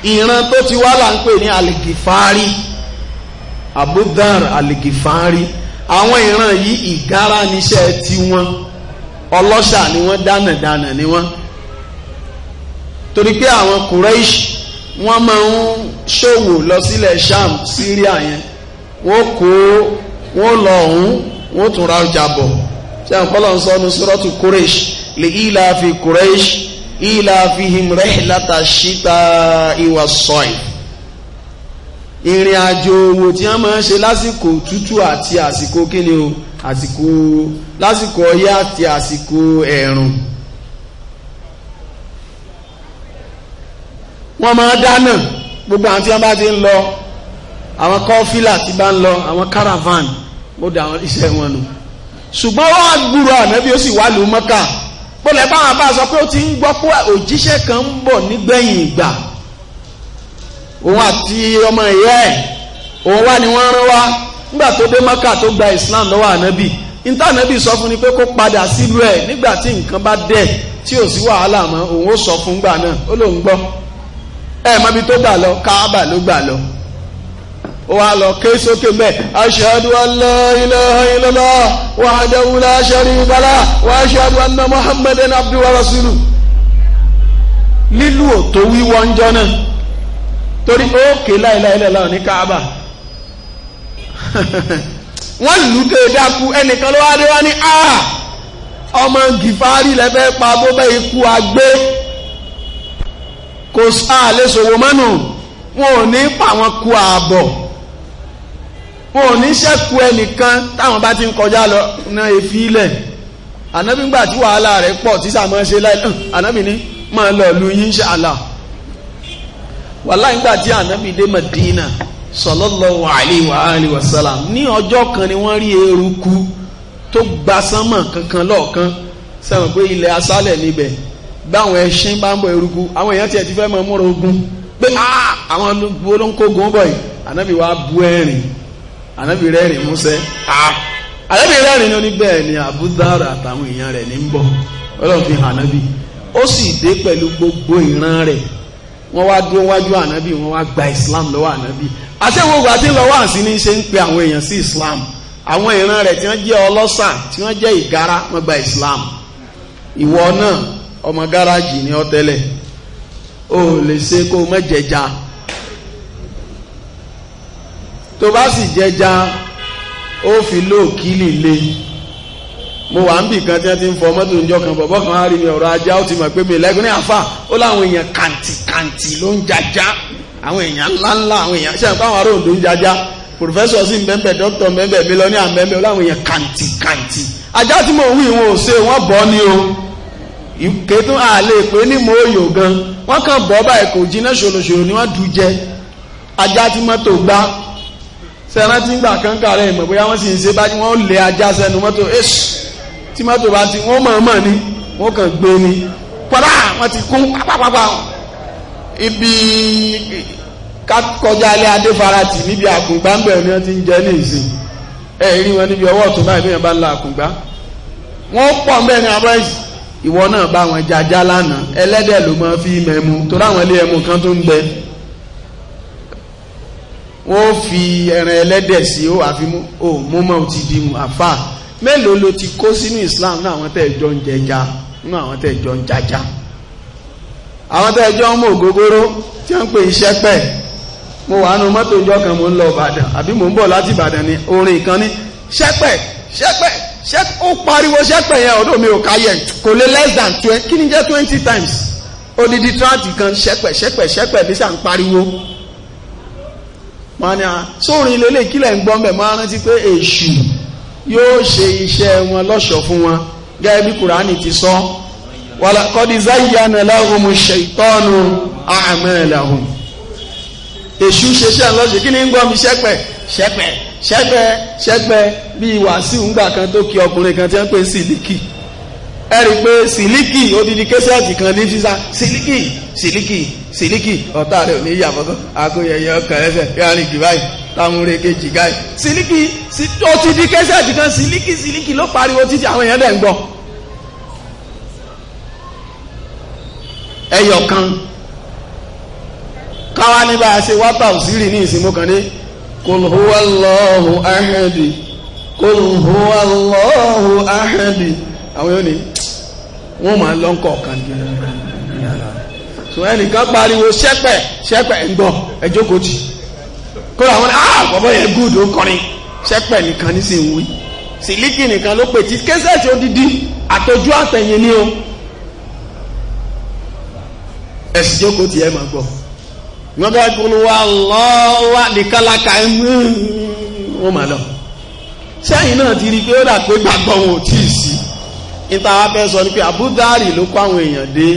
ìran tó ti wá là ń pè ní alikifari abudar alikifari àwọn ìran yìí ìgárá níṣẹ́ tiwọn ọlọ́ṣà ni wọ́n dánàdánà ni wọ́n torí pé àwọn kùrẹ́ṣì wọ́n máa ń ṣòwò lọ sílẹ̀ sham syria yẹn wọ́n kó wọ́n lọ ọ̀hún wọ́n tún ra ọjà bọ̀ ṣé àpọ́lọ̀ ń sọ́nu sọ́rọ́tù kureish lè ilà fi kureish ilà fi himreh látà ṣíta ìwà sọ́ì ìrìn àjò òwò tí wọ́n máa ń ṣe lásìkò tútù àti àsìkò kíni o àsìkò lásìkò ọyẹ́ àti àsìkò ẹ̀rùn. E wọ́n máa dáná gbogbo àwọn tí wọ́n bá ti ń lọ àwọn kọ́fílà tí bá ń lọ àwọn caravan ó da àwọn iṣẹ́ wọn nù ṣùgbọ́n wọ́n á gbúrò ànábì ó sì wá lù mọ́kà bọ́lẹ̀ báwọn abá sọ pé ó ti ń gbọ́ pé òjíṣẹ́ kan ń bọ̀ nígbẹ̀yìn ìgbà òun àti ọmọ ìyá ẹ̀ òun wá ni wọ́n rán wá nígbà tó dé mọ́kà tó gba Islam lọ́wọ́ ànábì níta ànábì sọ fún ni pé kó padà sílùú ẹ̀ nígbà tí nǹkan bá dẹ̀ tí ò sí wàhálà mọ́ òun ó sọ fún gbà náà ó lóun gbọ́ ẹ mọbi tó gbà lọ káábà ló gbà lọ ó wá lọ ké sókè mẹ ashhadu an la ilaha illallah wahdahu la sharika lah wa ashhadu anna muhammadan abduhu wa rasuluhu lílù òtó wíwọ́ ń jọ náà torí ókè ké la ilaha illallah ní káábà wọ́n lù ú dé dákú ẹnìkan ló wá dé wá ní a ọmọ gìfárì lẹ́fẹ́ pa bó bẹ́ẹ̀ ikú agbé. kò sáàlẹ̀ ṣòwò mọ́nù wọn ò ní pa wọn ku ààbọ̀ wọn ò ní ṣẹ́kù ẹnìkan táwọn bá ti ń kọjá lọ ná èfi ilẹ̀ ànábì ńgbà tí wàhálà rẹ̀ pọ̀ tí sàmọ́ ṣe láì ànábì ní máa lọ lu yín ṣàlà wàláì ńgbà tí ànábì dé Madina sallallahu alaihi wa alihi wa sallam ní ọjọ́ kan ni wọ́n rí eruku tó gbasánmọ̀ kankan lọ́ọ̀kan sẹ́wọ̀n pé ilẹ̀ asálẹ̀ níbẹ̀ báwọn ẹṣin bá ń bọ̀ eruku àwọn èèyàn tiẹ̀ ti fẹ́ mọ múra ogun pé àwọn olóńkógun bọ̀ yìí ànábì wa bu ẹ̀rìn ànábì rẹ́rìn músẹ́ ànábì rẹ́rìn ní oníbẹ̀ ni àtàwọn èèyàn rẹ̀ ní ń bọ̀ ọlọ́run fi hàn ànábì ó sì dé pẹ̀lú gbogbo ìran rẹ̀ wọ́n gbogbo àti lọ́wọ́ ọmọ gáràjì ni ọ tẹ́lẹ̀ o lè ṣe kó o má jẹja tó bá sì jẹja ó fi lóòkìlì le mo wà ń bì kan tí wọ́n ti ń fọ mọ́tò ìjọ kan bọ̀bọ́ kan á rí mi ọ̀rọ̀ ajá ó ti mọ̀ pé mi lẹ́gbẹ́ ní àfà ó láwọn èèyàn kàǹtìkàǹtì ló ń jajá àwọn èèyàn ńláńlá àwọn èèyàn ṣe àpá àwọn ará òǹdó ń jajá pòfẹ́sọ̀ sí mbẹ́mbẹ́ dókítà mbẹ́mbẹ́ mílíọ̀nì àmbẹ́mbẹ́ ó láwọn èèyàn kàǹtìkàǹtì ajá tí mo wí wọn ò ṣe wọ́n bọ́ ni o kéétún àlè pé ní mo yò gan wọ́n kàn bọ́ báyìí kò jiná ṣòlòṣòlò ni wọ́n dùn jẹ ajá tí mọ́tò gbá sẹ́ran tí ń gbà kánkà rẹ̀ mọ̀ bóyá wọ́n sì ń ṣe bá wọ́n lè ajá sẹ́nu mọ́tò èṣù tí mọ́tò bá ti wọ́n mọ̀ọ́mọ̀ ni wọ́n kàn gbé ni pọ́dà wọ́n ti kún pápápápá ibi kọjá ilé adéfarati níbi àkùngbá ń bẹ̀rẹ̀ ni wọ́n ti ń jẹ́ ní ìsìn ẹ̀ ìwọ náà bá wọn jajá lánàá ẹlẹ́dẹ̀ ló máa fi mẹ́mu torí àwọn ilé ẹmu kan tó ń bẹ wọ́n fi ẹran ẹlẹ́dẹ̀ sí ó àfimú ó mú mọ́ ti di mu àfà mélòó ló ti kó sínú Islam náà àwọn tẹ̀ jọ ń jẹja nínú àwọn tẹ̀ ń jaja àwọn tẹ́ ẹjọ́ mọ̀ ògógóró tí a ń pè iṣẹ́ pẹ̀ mo wà nù mọ́tò ìjọ kan mo ń lọ Ìbàdàn àbí mo ń bọ̀ láti Ìbàdàn ní orin kan ní ṣẹ́pẹ̀ ṣẹ́pẹ̀ ṣé ó pariwo ṣẹ́pẹ̀ yẹn ọ̀dọ́ mi ò káyẹ̀ kò lè less than twenty kí ni jẹ́ twenty times odidi tíráǹtì kan ṣẹ́pẹ̀ ṣẹ́pẹ̀ ṣẹ́pẹ̀ ní sàn pariwo wọ́n ní a ah, sórin lélẹ̀ kílẹ̀ ń gbọ́n bẹ̀ máa rántí pé èṣù yóò ṣe iṣẹ́ wọn lọ́ṣọ̀ fún wọn gẹ́gẹ́ bí kùránì ti sọ kọ́dí záyíyàna láhùnmù ṣètọ́nù àmẹ́lẹ̀hùn èṣù ṣeṣẹ́ lọ́ṣẹ̀ kí ni ń gbọ́n mi ṣẹ́pẹ̀ ṣẹ́pẹ̀ ṣẹ́gbẹ́ ṣẹ́gbẹ́ bíi wàsíù ńgbà kan tó kí ọkùnrin kan tí wọ́n ń pè sílíkì ẹ rí i pé sílíkì odidi kẹsẹ́ẹ̀tì kan ní sísá sílíkì sílíkì sílíkì ọ̀tá rẹ̀ ò ní yà fọ́tọ́ akóyẹyẹ ọkàn ẹsẹ̀ yárin kì báyìí táwùnrin kejì gáì sílíkì odidi kẹsẹ́ẹ̀tì kan sílíkì sílíkì ló pariwo títí àwọn èèyàn dẹ̀ ń gbọ́ ẹyọ kan káwa ní bá a ṣe wáta òsírì ní ìsinmi kan ní قل هو الله أحد قل الله أحد àwọn yóò ní wọ́n máa lọ ń kọ̀ ọ̀kan ní yàrá so ẹnìkan pariwo ṣẹ́pẹ̀ ṣẹ́pẹ̀ ń gbọ́ ẹjọ́ kò tì kó làwọn ah bọ́bọ́ yẹn gúdù ó kọrin nìkan ní sì nìkan ló pè tí kẹ́sẹ̀tì odidi àtọ́jú àtẹ̀yìn ni o ẹ̀sìn jókòó tì máa gbọ́ wọ́n bá kúrò wá lọ́wọ́ àdìkálákà ẹ̀mú ó mà lọ sẹ́yìn náà ti rí pé ó dà pé gbàgbọ́ wọn ò tí ì sí níta wá fẹ́ sọ ni pé àbúdárì ló kó àwọn èèyàn dé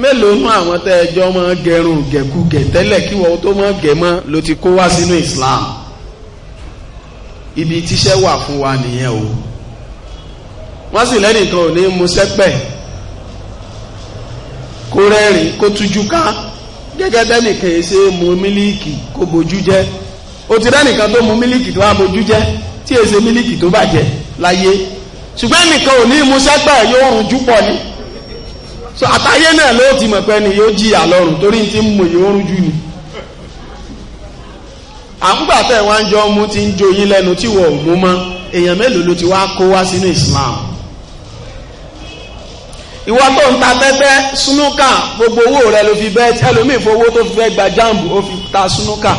mélòó nú àwọn tẹ́ ẹjọ́ mọ́ gẹrun gẹ̀kúgẹ̀ tẹ́lẹ̀ kí wọ́n tó mọ́ gẹ̀ mọ́ ló ti kó wá sínú Islam ibi tíṣẹ́ wà fún wa nìyẹn o wọ́n sì lẹ́nìkan ò ní mú sẹ́pẹ̀ kó rẹ́rìn kó tújú ká gẹ́gẹ́ bẹ́nìkan èsè mu mílíìkì kó bojú jẹ́ o ti rẹ́nìkan tó mu mílíìkì tó wá bojú jẹ́ tí èsè mílíìkì tó bàjẹ́ láyé ṣùgbọ́n nìkan ò ní ìmúṣẹ́gbà yóò rùn jú pọ̀ ni so àtàyé náà ló ti mọ̀ pé ni yóò jìyà lọ́rùn torí ti ń mọ̀ yóò rùn jú ni àkúgbà tẹ̀ wá ń jọ mú ti ń jó yín lẹ́nu tí wọ́n ò mú mọ́ èèyàn mélòó ló ti wá kó wá sínú Islam ìwọ tó ń ta tẹ́tẹ́ snúkà gbogbo owó rẹ ló fi bẹ́ẹ̀ tí ẹlòmíì fowó tó fi fẹ́ gba jambu ó fi ta snúkà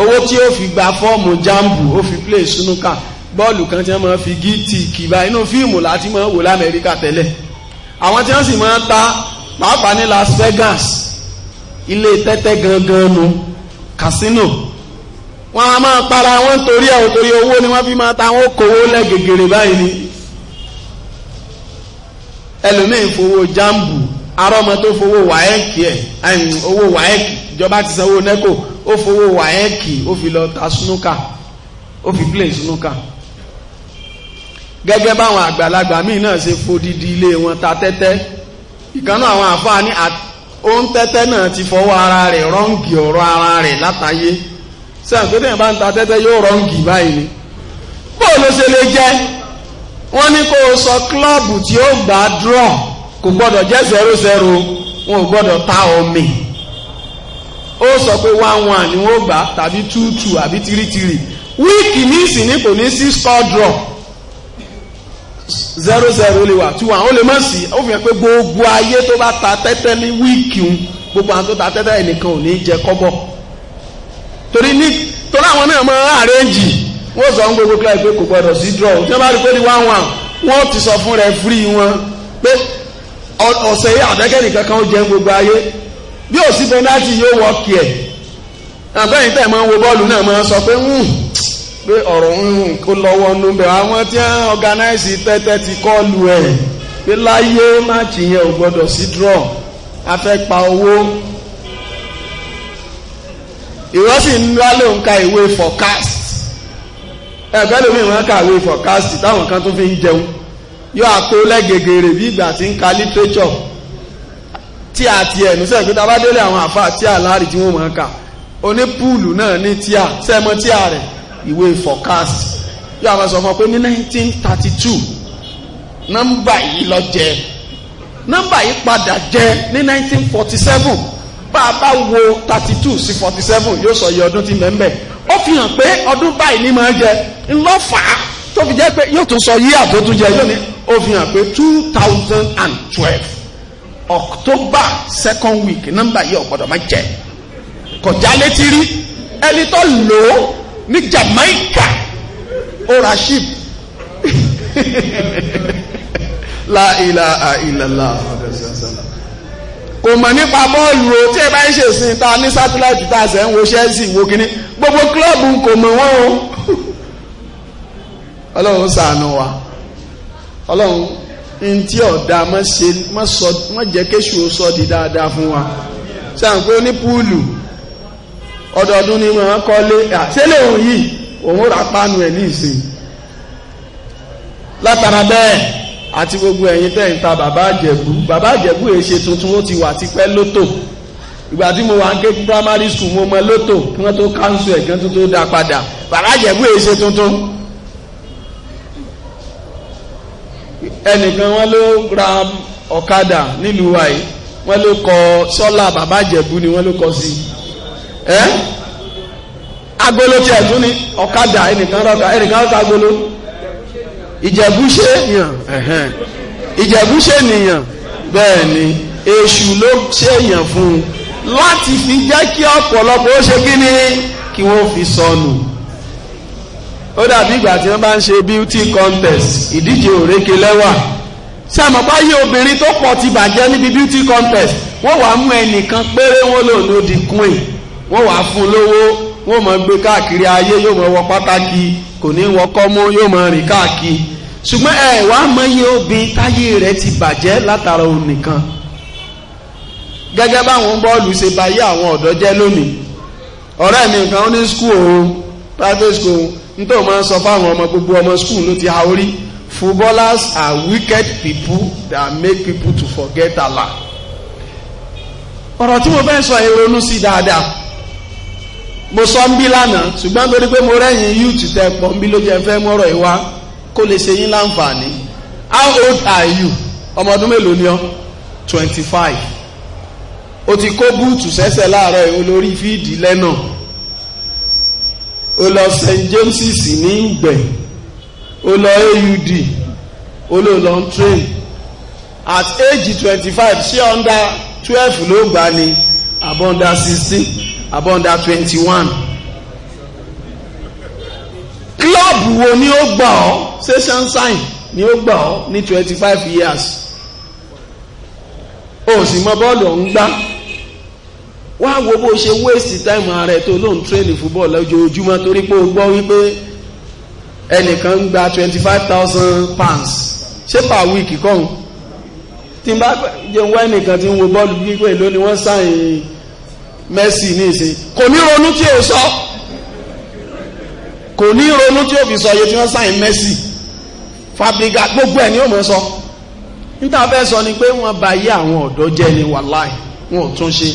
owó tí ó fi gba fọ́ọ̀mù jambu ó fi play snúkà bọ́ọ̀lù kan tí wọ́n máa fi gíìtì kìbá inú fíìmù láti máa wò lamẹ́ríkà tẹ́lẹ̀ àwọn tí wọ́n sì máa ta pàápàá ní Las Vegas ilé tẹ́tẹ́ gangan nu casino wọ́n a máa para wọn torí ẹ̀ torí owó ni wọ́n fi máa ta wọn kówó lẹ́gẹ̀gẹ̀rẹ̀ báyìí ni ẹlòmíín fowó jambu arọ́mọ tó fowó wáẹ́kì ẹ̀ owó wáẹ́kì ìjọba ti sanwó nẹ́kò ó fowó wáẹ́kì ó fi lọ ta snooker ó fi play snooker gẹ́gẹ́ báwọn àgbàlagbà míì náà ṣe fodidi ilé wọn ta tẹ́tẹ́ ìkànnà àwọn àfáà ní ohun tẹ́tẹ́ náà ti fọwọ́ ara rẹ̀ rọ́ǹgì ọ̀rọ̀ ara rẹ̀ látayé sẹ́yìn pé tẹ́yìn bá ń ta tẹ́tẹ́ yóò rọ́ǹgì báyìí bóòlù ṣe lè jẹ́ wọ́n ní kó o sọ klọ́ọ̀bù tí ó gbà draw kò gbọ́dọ̀ jẹ́ zero zero wọn ò gbọ́dọ̀ ta omi ó sọ pé one one ni wọ́n gbà tàbí two two àbí three three wíìkì nísìnyí kò ní sí score draw zero zero lè wà two one ó lè mọ̀ sí ó fi hàn pé gbogbo ayé tó bá ta tẹ́tẹ́ ní wíìkì ń gbogbo àwọn tó ta tẹ́tẹ́ ẹnìkan ò ní jẹ kọ́bọ̀ torí ní torí àwọn náà máa ń arrange wọ́n sọ ń gbogbo class pé kò gbọ́dọ̀ sí draw tí wọ́n bá rí pé ní one one wọ́n ti sọ fún referee wọn pé ọ̀sẹ̀ yìí àbẹ́kẹ́ nìkan kan ó jẹ gbogbo ayé bí ò sí penalty yóò wọ́ kí ẹ̀ àbẹ́yìn tẹ̀ máa ń wo bọ́ọ̀lù náà máa ń sọ pé hmm, pé ọ̀rọ̀ ń kó lọ́wọ́ nù bẹ́ẹ̀ àwọn tí wọ́n organize tẹ́tẹ́ ti kọ́ọ̀lù ẹ̀ pé láyé máàcì yẹn ò gbọ́dọ̀ sí draw a fẹ́ pa owó ìwọ́sìn ńlá ló ń ka ìwé forecast ẹ̀kọ́ lómi ìwọ̀n kàwé forecast táwọn kan tó fi ń jẹun yóò àtó lẹ́gẹ̀gẹ̀rẹ̀ bí ìgbà tí ń ka literature tí a ti ẹ̀nu sẹ́yìn pé tá a bá délé àwọn àfa tí a láàrin tí wọ́n mọ̀ ọ́n kà oní púùlù náà ní tí a sẹ́mọ́ tí a rẹ̀ ìwé forecast yóò àwọn sọ fún ọ pé ní 1932 nọ́mbà yìí lọ jẹ nọ́mbà yìí padà jẹ ní 1947 bá a bá wo 32 sí 47 yóò sọ iye ọdún tí mẹ́mbẹ̀ẹ́ ó fi hàn pé ọdún báyìí ní máa jẹ ńlọ́fà tó fi jẹ́ pé yóò tún sọ yíyà tó jẹ yóò ní ó fi hàn pé two thousand and twelve October second week nọ́mbà yìí ọ̀gbọ́dọ̀ máa jẹ kọjá létí rí ẹni tó lò ó ní Jamaica ó ra ship la ilaha illallah kò mọ̀ nípa bọ́ọ̀lù o tí ẹ bá ń ṣèsìn ta ní sátíláìtì tá a sẹ́ ń wo ṣẹ́ẹ̀sì wo kínní gbogbo kílọ̀bù kò mọ̀ wọ́n o ọlọ́run ṣàánú wa ọlọ́run n tí ọ̀dà má jẹ́ kéṣù ó sọ di dáadáa fún wa sáà pé ní púùlù ọdọọdún ni wọ́n kọ́lé àtẹ́lẹ̀ òun yìí òun rà pánu ẹ̀ ní ìsìn látara bẹ́ẹ̀ àti gbogbo ẹ̀yin tẹ́ ń ta bàbá àjẹ̀bú bàbá àjẹ̀bú èṣe tuntun ó ti wà tipẹ́ lótò ìgbà tí mo wà ń ké primary school mo mọ lótò kí wọ́n tó council ẹ̀ kan tó tó dá padà bàbá àjẹ̀bú èyí ṣe tuntun ẹnìkan wọ́n ló ra ọ̀kadà nílùú wa yìí wọ́n ló kọ sọ́là bàbá àjẹ̀bú ni wọ́n ló kọ sí ẹ́ agolo tí ẹ̀ tún ní ọ̀kadà ẹnìkan rọ̀ka ẹnìkan rọ̀ka agolo ìjẹ̀bú ṣe yàn ìjẹ̀bú ṣe nìyàn bẹ́ẹ̀ ni èṣù ló ṣèyàn fún un láti fi jẹ́ kí ọ̀pọ̀lọpọ̀ ó ṣe kí ni kí wọ́n fi sọnù ó dàbí ìgbà tí wọ́n bá ń ṣe beauty contest ìdíje òrékè lẹ́wà ṣé àmọ́ báyé obìnrin tó pọ̀ ti bàjẹ́ níbi beauty contest wọ́n wàá mú ẹnìkan péré wọ́n lò ní odi queen wọ́n wàá fún lówó wọ́n mọ̀ gbé káàkiri ayé yóò mọ̀ wọ pátákì kò ní wọ kọ́mú yóò mọ̀ rìn káàkiri ṣùgbọ́n ẹ̀ wàá mọ̀ iye obìnrin táyé rẹ̀ ti bàjẹ́ látara òun nìkan gẹ́gẹ́ báwọn bọ́ọ̀lù ṣe bá àwọn ọ̀dọ́ jẹ́ lónìí ọ̀rẹ́ mi nǹkan ó ní skul o private school nítorí wọ́n sọ fáwọn ọmọ gbogbo ọmọ skul ló ti ha footballers are wicked people that make people to forget Allah ọ̀rọ̀ tí mo fẹ́ sọ yẹn ronú sí dáadáa mo sọ ń bí lánàá ṣùgbọ́n torí pé mo rẹ́yìn youth tẹ pọ̀ ń bí ló jẹ́ fẹ́ mọ́rọ̀ ìwá kó lè ṣe yín láǹfààní how old are you ọmọ ọdún mélòó ni ọ́ twenty five o ti kó búùtù sẹ́sẹ̀ láàárọ̀ olórí fíìdì lẹ́nà o lọ st james's ní ìgbẹ́ o lọ aud o lọ train at age twenty five ṣé under twelve ló gbà ní abọ́ndà sixteen abọ́ndà twenty one Club wo ni ó gbà ọ́ station sign ni ó gbà ọ́ ní twenty five years o sì mọ bọ́ọ̀lù ọ̀hún gbá wá wo bó ṣe waste time ààrẹ tó lóun train football lójoojúmọ́ torí pé o gbọ́ wípé ẹnìkan ń gba twenty five thousand pounds ṣé per week kọ́hún tí n bá jẹ wá ẹnìkan tí ń wo bọ́ọ̀lù gbígbé lónìí wọ́n sáyìn Messi ní ìsìn kò ní ronú tí o sọ kò ní ronú tí o fi sọ iye tí wọ́n sáyìn Messi Fabregas gbogbo ẹ̀ ni ó mọ̀ sọ níta fẹ́ sọ ni pé wọ́n bà yé àwọn ọ̀dọ́ jẹ́ ni wàláì wọn ò tún ṣe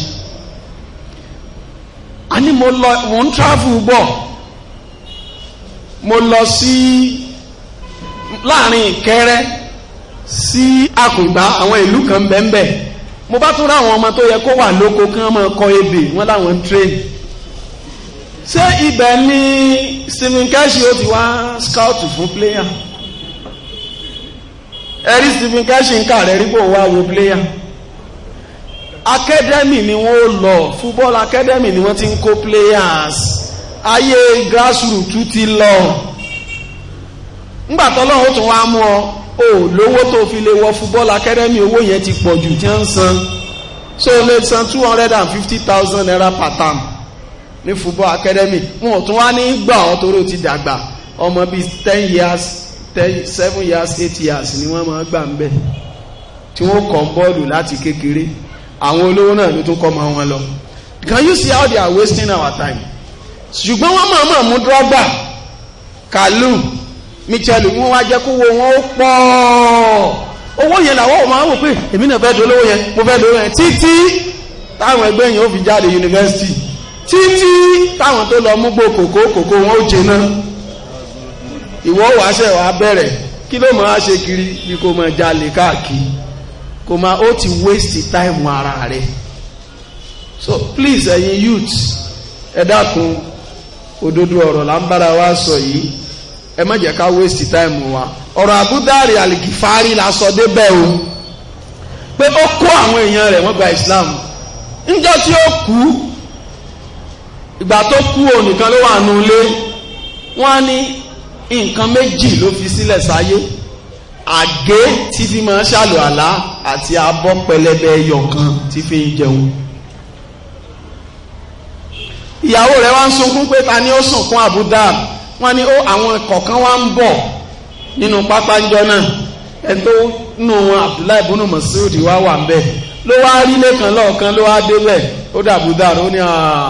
a ní mo lọ mò ń travel bọ̀ mo lọ sí láàrin ìkẹrẹ sí àkùngbá àwọn ìlú kan bẹ́ẹ̀nbẹ́ẹ̀ mo bá tún ráwọn ọmọ tó yẹ kó wà lóko kí wọ́n máa kọ ebè wọ́n láwọn train ṣé ibẹ̀ ni Stephen Keshi ó ti wá scout fún player ẹ̀rí Stephen Keshi ń kà rẹ̀ rí kó wá wo player academy ni wọ́n lọ football academy ni wọ́n ti ń kó players ayé grassroots ti lọ ńgbà tọ́lọ́run tún wá mú ọ o lówó tó fi lè wọ football academy owó yẹn ti pọ̀ jù tí wọ́n san so lè san two hundred and fifty thousand naira per term ní football academy wọn ò tún wá ní gbà ọ torí o ti dàgbà ọmọ bíi ten years ten seven years eight years ni wọ́n máa gbà ń bẹ̀ tí wọ́n kọ́ bọ́ọ̀lù láti kékeré àwọn olówó náà ló tún kọ́ ma wọn lọ can you see how they are wasting our time ṣùgbọ́n wọ́n máa máa mú drọ́gbà kàlù michel wọ́n wá jẹ́ kó wo wọn ó pọ̀ owó yẹn làwọn ò máa wò pé èmi náà fẹ́ dolówó yẹn mo fẹ́ dolówó yẹn títí táwọn ẹgbẹ́ yẹn ó fi jáde yunifásitì títí táwọn tó lọ múgbó kòkó kòkó wọn ó jẹ náà wàá ṣẹ̀ wàá bẹ̀rẹ̀ kí ló máa ṣe kiri bí kò máa jalè káàkiri kò máa ó ti waste time ara rẹ̀ so please ẹ̀yin youth ẹ dákun òdodo ọ̀rọ̀ là wa sọ yìí ẹ má jẹ́ ká waste time wa ọ̀rọ̀ abudari alikifari la sọ débẹ̀ o pé ó kó àwọn èèyàn rẹ̀ wọ́n gba Islam níjọ́ tí ó kú ìgbà tó kú onìkan ló wà nulẹ̀ wọ́n á ní nǹkan méjì ló fi sílẹ̀ sáyé. Si àgé tí fi máa ṣàlù àlá àti abọ́ pẹlẹbẹ ẹyọ kan tí fi ń jẹun ìyàwó rẹ̀ wá ń sunkún pé ta ni ó sùn fún àbúdá wọ́n ní ó àwọn kọ̀ọ̀kan wá ń bọ̀ nínú pápá ńjọ náà ẹ̀ tó nù wọn Abdullahi bunu Masudi wá wà ń bẹ̀ ló wá rí lẹ́kan lọ́ọ̀kan ló wá débẹ̀ ó dàbù dáàrú ní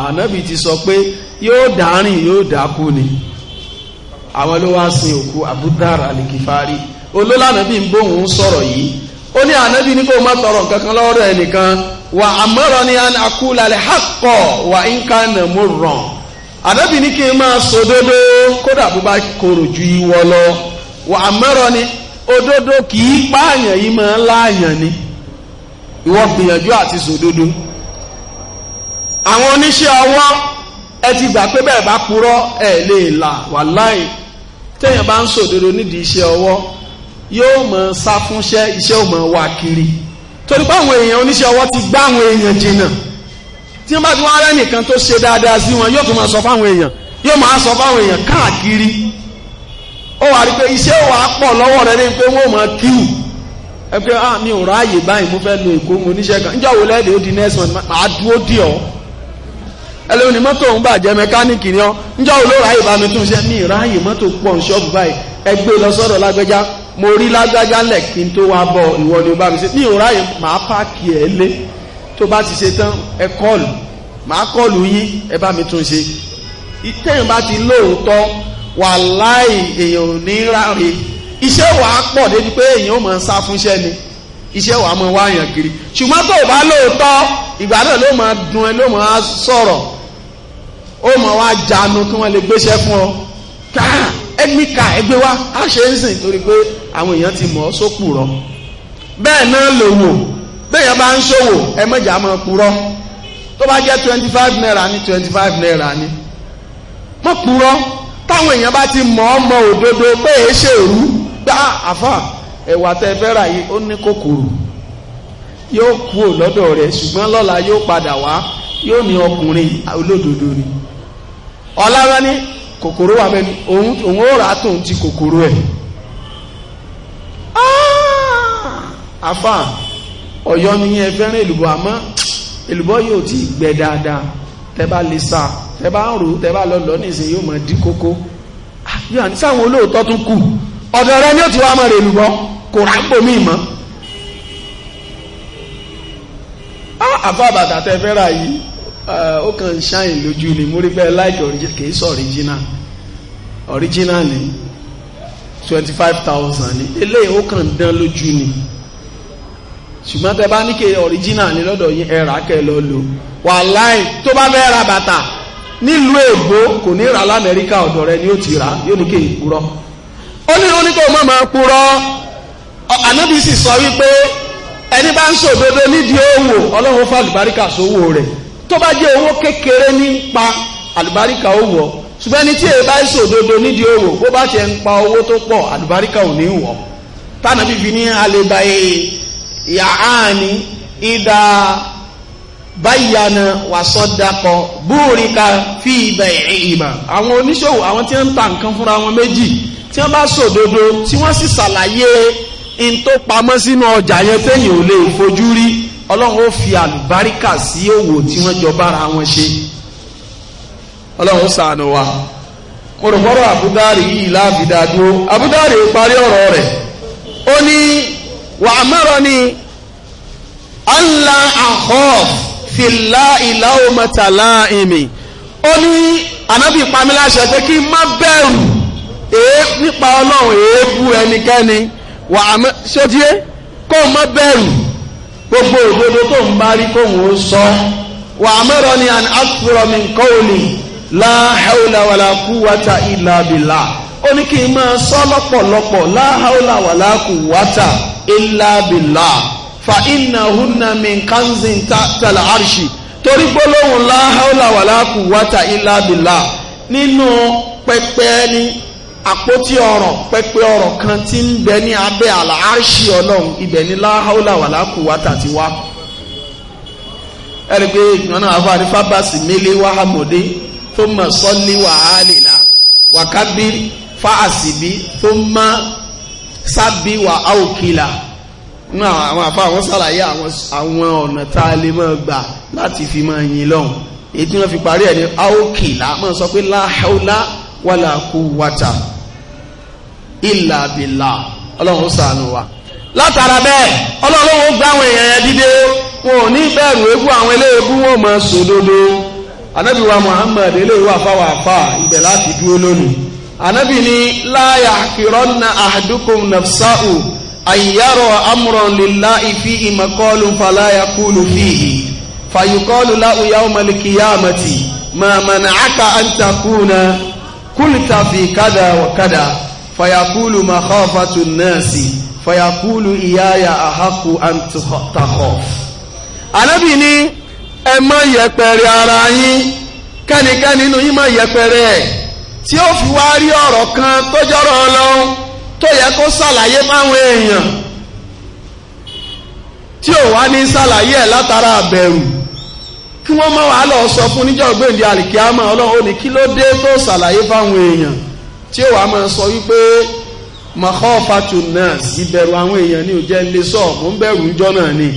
ànábì ti sọ pé yóò dárìn yóò dákú ni àwọn ló wá sin òkú àbúdàrà àlìkìfárí olólànà bí n bóhùn sọ̀rọ̀ yìí ó ní ànábì ní kó má tọrọ nǹkan kan lọ́rọ̀ ẹnìkan wà àmọ́rọ̀ ni a ní akúlalẹ̀ hákọ̀ wà ń ká nà mú ràn ànábì ní kí n máa sòdodo kódà bó bá korò ju ìwọ lọ wà àmọ́rọ̀ ni òdodo kì í pààyàn yìí máa ń láàyàn ni ìwọ gbìyànjú àti sòdodo àwọn oníṣẹ́ ọwọ́ ẹ ti gbà pé bẹ́ẹ̀ bá purọ́ ẹ̀ lè là wàláì téèyàn bá ń sòdodo nídìí iṣẹ́ ọwọ́ yóò mọ̀ sá fúnṣẹ́ iṣẹ́ ò wa wà kiri torí pé àwọn èèyàn oníṣẹ́ ọwọ́ ti gbá àwọn èèyàn jìnnà tí wọ́n bá ti wá rẹ́ nìkan tó ṣe dáadáa sí wọn yóò tún máa sọ fáwọn èèyàn yóò máa sọ fáwọn èèyàn káàkiri ó wà rí pé iṣẹ́ wà á pọ̀ lọ́wọ́ ní pé wọ́n máa kíwù ẹ ah, mi ò ráàyè báyìí mo fẹ́ lo èkó kan níjọ́ wo lẹ́ẹ̀dẹ̀ ó di next dúró dì ọ́ ni mọ́tò ń bàjẹ́ mẹkáníìkì ni ọ́ níjọ́ wo mi tún ṣe mi ráàyè mọ́tò pọ̀ lọ sọ́dọ̀ mo rí lágbájá lẹ̀ kí n tó wá bọ̀ ìwọ ni o bá mi ṣe ní ìrora yìí màá páàkì ẹ̀ lé tó bá ti ṣe tán ẹ kọ́ọ̀lù màá kọ́ọ̀lù yín ẹ bá mi tún ṣe ìtẹ́yìn bá ti lóòótọ́ wàláì èèyàn ò ní ráre iṣẹ́ wàá pọ̀ débi pé èèyàn ò mọ̀ ń sá fúnṣẹ́ ni iṣẹ́ wàá mọ̀ wá yàn kiri ṣùgbọ́n tó o bá lóòótọ́ ìgbà náà ló mọ̀ dùn ẹ ló mọ̀ á sọ̀rọ̀ ó mọ̀ wá jánu kí wọ́n lè gbéṣẹ́ fún ọ káà ẹgbẹ́ka ẹgbẹ́ wa á ṣe ń sìn torí pé àwọn èèyàn ti mọ̀ ọ́ sókù rọ bẹ́ẹ̀ náà lò wò bẹ́ẹ̀yàn bá ń ṣòwò ẹ mọ̀jà mọ̀ purọ́ tó bá jẹ́ twenty five naira ní twenty five naira ní mọ̀ purọ́ táwọn èèyàn bá ti mọ̀ ọ́ mọ òdodo pé èé ṣèrú gbá ah, àfà ẹ̀wà tẹ́ fẹ́ rà yìí ó ní kòkòrò yóò kúrò lọ́dọ̀ rẹ̀ ṣùgbọ́n lọ́la yóò padà wá yóò ní ọkùnrin olódodo ni ọ̀lára ní kòkòrò wà bẹ́ẹ̀ ni òun ó rà á tòun ti kòkòrò ẹ̀ afa ah! ọ̀yọ́ ni ẹ fẹ́ràn èlùbọ́ àmọ́ èlùbọ́ yóò ti gbẹ dáadáa tẹ́ lè sa tẹ́ bá ń rò tẹ́ bá lọ lọ nìsín yóò mọ̀ dín kókó ah, yóò ní sáwọn olóòótọ́ tún kù ọ̀dọ̀ rẹ ni ó ti wá mọ̀ rẹ̀ èlùbọ́ kò rà ń bomi mọ́. Ah, àfa bàtà tẹ́ fẹ́ yìí ó kàn ṣáyìn lójú ni mo rí sọ original original ni five thousand ni eléyìí ó kàn dán lójú ni ṣùgbọ́n tẹ bá ní kí original ni lọ́dọ̀ yín ẹ̀rà kẹ lọ lò tó bá fẹ́ ra bàtà nílùú èbó kò ní ra rẹ ni ó ti rà yóò ní kí purọ́ ó ẹni bá ń nídìí òwò ọlọ́run fàlùbáríkà sówó rẹ̀. tó bá jẹ́ owó kékeré nípa àlùbáríkà ó wọ̀ ṣùgbọ́n ẹni tí èyí bá ṣòdodo nídìí òwò bó bá ṣe ń pa owó tó pọ̀ àlùbáríkà ò ní wọ̀ tánà bíbí ní àlebà ìyá àání ìdá báyìíyàna wàsọdakọ búrika fi ìbẹ̀ ìmà àwọn oníṣòwò àwọn tí wọ́n ń ta nǹkan fúnra wọn méjì tí wọ́n bá ṣòdodo tí wọ́n sì ṣàlàyé n pamọ́ sínú ọjà yẹn téèyàn ò lè fojú rí ọlọ́run ó fi àlùbáríkà sí òwò tí wọ́n jọ bára wọn ṣe ọlọ́run ó ṣàánú wa mo rò gbọ́dọ̀ àbúdárì yìí láàbìdá dúró àbúdárì parí ọ̀rọ̀ rẹ̀ ó ní wà á mọ̀rọ̀ ni allah ahof fìlà ìlà òmùtàlá ìmì ó ní ànábì pamela pé kí n má bẹ̀rù nípa ọlọ́run èébú ẹnikẹ́ni wà á mọ̀ ṣé o ti kó o má bẹ̀rù gbogbo òdodo tó ń bá rí kóhùn ó sọ wà á mẹ́rọ ni an akthura min qawli la hawla wala quwwata illa billah ó ní kí n máa sọ lọ́pọ̀lọpọ̀ la hawla wala quwwata illa billah fa innahunna min kanzin torí gbólóhùn la hawla wala nínú pẹpẹ ni àpótí ọ̀rọ̀ pẹpẹ ọ̀rọ̀ kan tí ń bẹ ní abẹ́ àlàáṣì ọlọ́run ibẹ̀ ní láhàólà wà lákùúwátà ti wá ẹ̀rí pé ìgbọ́n náà àfáàrí fábàsì mélé wàhámọ́dé tó mọ̀ sọ́lé wàhálìlá wàkábí fáàsìbí tó mọ̀ sábí wàháòkìlà náà àwọn àfa àwọn sàlàyé àwọn ọ̀nà tá a lè máa gbà láti fi máa yin lọ́hùn èyí tí wọ́n fi parí ẹ̀ ní áòkìlà máa sọ pé láhàólà wala quwwata illa billah ọlọ́run ṣàánú wa látara bẹ́ẹ̀ ọlọ́run ó gbá àwọn èèyàn yẹn dìde wọn ò ní bẹ̀rù ewu àwọn eléèbú wọn mọ̀ sódodo anabi wa muhammad eléyìí wà fáwọn àfà ibẹ̀ láti dúró lónìí anabi ni la yahqiranna ahadukum nafsahu ayyaro amran lillahi fihi maqalun fala yaqulu fihi fayuqalu lahu yawmal qiyamati ma mana'aka an kúlìtà fi kádà wà kádà fayakulu makhafatu nasi fayakulu iyaya ahaku antakọ. anábì ní ẹ má yẹpẹrẹ ara yín kẹ́nikẹ́ni inú yín má yẹpẹrẹ ẹ̀ tí ó fi wá rí ọ̀rọ̀ kan tó jọrọ̀ ọlọ́run tó yẹ kó ṣàlàyé fáwọn èèyàn tí ò wá ní ṣàlàyé ẹ̀ látara kí wọ́n mọ̀ wàá lọ sọ fún níjọ́ gbèǹdé àlìkíámà ọlọ́run ó ní kí ló dé tó ṣàlàyé fáwọn èèyàn tí ó wàá máa sọ wípé mahọ́fàtù náà ìbẹ̀rù àwọn èèyàn ní òjẹ́ ilé sọ mò ń bẹ̀rù ń náà ni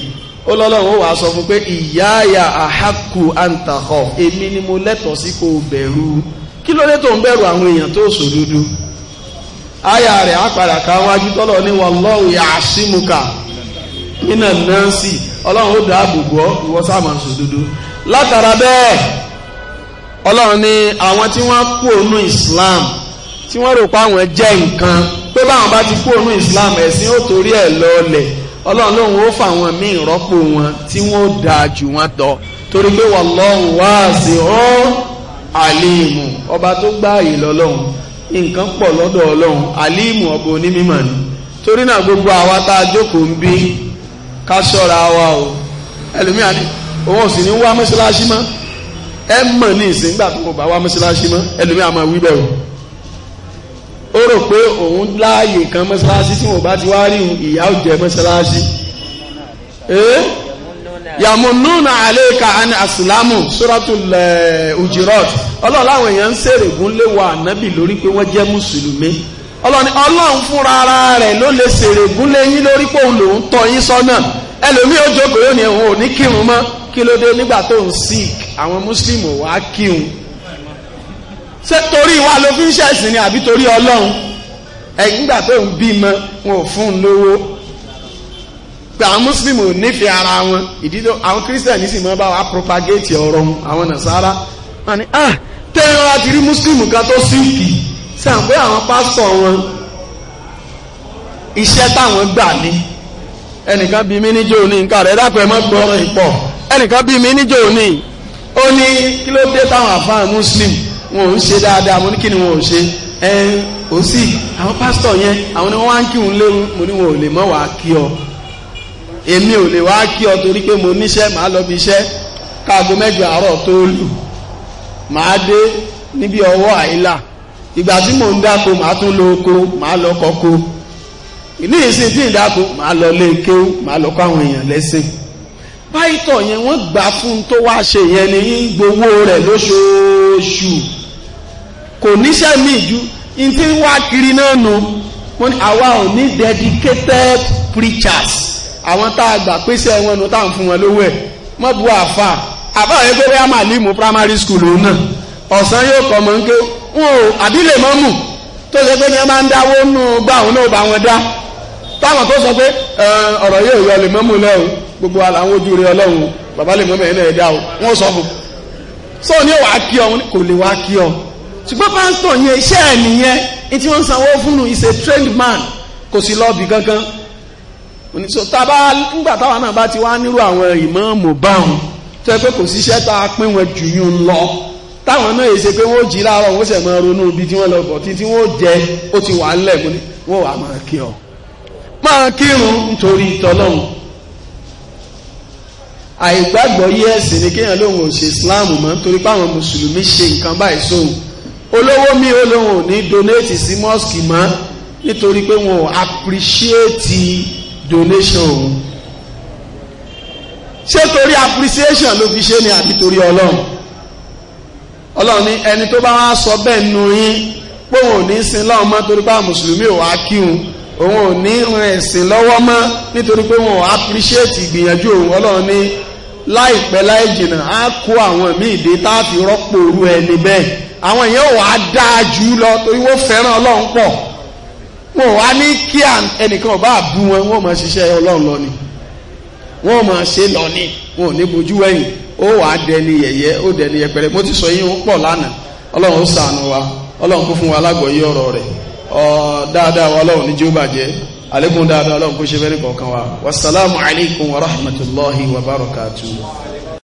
ó lọ́lọ́run ó wàá sọ fún pé ìyáàyà àhàkù àǹtàkọ̀ èmi ni mo lẹ́tọ̀ọ́ sí kó bẹ̀rù kí ló dé tó ń bẹ̀rù àwọn èèyàn tó sòdodo áyà rẹ̀ á padà ká wájú tọ́lọ́ ní wallahu ya'simuka mínà nọ́ọ̀sì ọlọ́run ó dáàbò bọ́ ìwọ sáàmà sòdodo látara bẹ́ẹ̀ ọlọrun ni àwọn tí wọn kú ònú islam tí wọn rò pé àwọn jẹ́ nǹkan pé báwọn bá ti kú ònú islam ẹ̀sìn ó torí ẹ̀ lọ́ọ̀lẹ̀ ọlọ́run lòun ó fà wọn míì rọ́pò wọn tí wọ́n ó dáa jù wọn tọ́ torí pé wallahu ọ alimu ọba tó gbá àyè lọ́lọ́run nǹkan pọ lọ́dọ̀ ọlọ́run alimu ọba onímọ̀ ni torí náà gbogbo àwa tá a jókòó ń bí ká ṣọ́ra wa o ẹlòmíà ni òun ò sì ní wá mọ́ṣáláṣí mọ́ ẹ mọ̀ ní ìsìn nígbà tó kò bá wá mọ́ṣáláṣí mọ́ ẹlòmíà máa wí bẹ́ẹ̀ o ó rò pé òun láàyè kan mọ́ṣáláṣí tí wọn bá ti wá rí ìyá ò jẹ mọ́ṣáláṣí yàmùnúnà àlékà àni àsìlámù suratul eh, Hujurat ọlọ́ọ̀lá àwọn èèyàn ń ṣèrègùn léwà ànábì lórí pé wọ́n jẹ́ mùsùlùmí ọlọ́ni ọlọ́run fúnra ara rẹ̀ ló lè ṣèrè gúnlé yín lórí pé òun lòún tọ́ yín sọ́nà ẹlòmíì ó jókòó yóò ní òun ò ní kírun mọ́ kí ló dé nígbà tó ń sick àwọn mùsùlùmí ò wá kírun ṣé torí wa ló fi ń ṣẹ̀sìn ni àbí torí ọlọ́run ẹ̀yìn nígbà tó ń bímọ wọn ò fún un lówó pé àwọn mùsùlùmí ò nífẹ̀ẹ́ ara wọn ìdí tó àwọn kírísítẹ̀nì sì máa bá wa propagate ọ̀rọ̀ wọn àwọn nàṣàrà wọn ni ah tẹ́lẹ̀ wá ti rí mùsùlùmí kan tó síìkì ṣe àwọn pé àwọn pásítọ̀ wọn iṣẹ́ táwọn gbà ní ẹnìkan bíi mí níjó ní nǹkan rẹ̀ dápẹ́ mọ́ gbọ́rọ̀ ìpọ̀ ẹnìkan bíi mí níjó ní ó ní kí ló dé táwọn àfáà muslim wọn ò ń ṣe dáadáa mo ní kí ni wọn ò ṣe ẹ ò sí àwọn pásítọ̀ yẹn àwọn ni wọ́n wá ń kí òun léwu mo ní wọn ò lè mọ́ wàá kí ọ èmi ò lè wá kí ọ torí pé mo níṣẹ́ màá lọ bí iṣẹ́ káago mẹ́jọ àárọ̀ tó lù màá dé níbi ọwọ́ àìlà ìgbà tí mò ń dáko màá tún lọ oko màá lọ kọko ní ìsìn tí ìdáko màá lọ lé kéwú màá lọ kọ́ àwọn èèyàn lẹ́sìn páìtọ̀ yẹn wọ́n gbà fún tó wá ṣe yẹn ní gbowó rẹ̀ lóṣooṣù kò níṣẹ́ míì ju in tí wá kiri náà nu wọ́n ní àwa ò ní dedicated preachers àwọn tá a gbà pèsè wọn nu tá à ń fún wọn lówó ẹ̀ mọ́ bu àfà àfà yẹn pé bẹ́ẹ̀ máa lè mú primary school òun náà ọ̀sán yóò kọ́ mọ́ ń kéwú wọn ò àbílẹ̀ mọ́mù tó ṣe pé ní ẹ máa ń dáwó nù gbà òun náà bá wọn dá táwọn tó sọ pé ọrọ yóò yọ lè mọ́mù lẹ́hùn gbogbo àwọn ojú rẹ bàbá lè mọ́mù ẹ̀ náà dá o sọ fún so wàá kí ọ kò lè wàá kí ọ ṣùgbọ́n pásítọ̀ yẹn iṣẹ́ ẹ̀ nìyẹn wọ́n sanwó fún un is a trained man kò sí lọ́ọ̀bì táwọn náà bá ti wá nírú àwọn ìmọ̀ọ́mù báwọn táwọn náà yìí ṣe pé wọ́n jí láàárọ̀ wọ́n sẹ̀ máa ronú ibi tí wọ́n lọ bọ̀ títí wọ́n jẹ ó ti wà ńlẹ̀ mú ni wọ́n wà máa kí ọ máa kírun nítorí tọlọ́hun àìgbàgbọ́ yí ẹ̀sìn ni kéèyàn lóun ò ṣe Islam mọ́ torí páwọn mùsùlùmí ṣe nǹkan báyìí sóhun olówó mi ó lóun ò ní donate sí mosque mọ́ nítorí pé wọn ò appreciate donation òun ṣé torí appreciation ló fi ṣe ni àbí torí Ọlọ́run ọlọ́run ní ẹni tó bá wá sọ bẹ́ẹ̀ nù yín póun ò ní sin lọ́wọ́ mọ́ torí pé mùsùlùmí ò wá kírun òun ò ní ran ẹ̀sìn lọ́wọ́ mọ́ nítorí pé wọn ò apíríṣẹ́ẹ̀tì ìgbìyànjú òun ọlọ́run ní láìpẹ́ láì jìnnà á kó àwọn míì dé tá a fi rọ́pò orú ẹni bẹ́ẹ̀ àwọn èèyàn ò wá dáa jù lọ torí wọ́n fẹ́ràn ọlọ́run pọ̀ wọn ò wá ní kí ẹnìkan ò bá bú wọn wọn ò máa ṣiṣẹ́ ọlọ́run lọ ni. wọ́n máa ṣe lọ ní wọn ò ní bojú wẹ̀yìn ó wà á dẹni yẹ̀yẹ́ ó dẹni yẹpẹrẹ mo ti sọ yín ó pọ̀ lánàá ọlọ́run ó ṣàánú wa ọlọ́run kó fún wa lágbọ̀ọ́yé ọ̀rọ̀ rẹ̀ dáadáa wa ọlọ́run níjó bàjẹ́ àlékún dáadáa ọlọ́run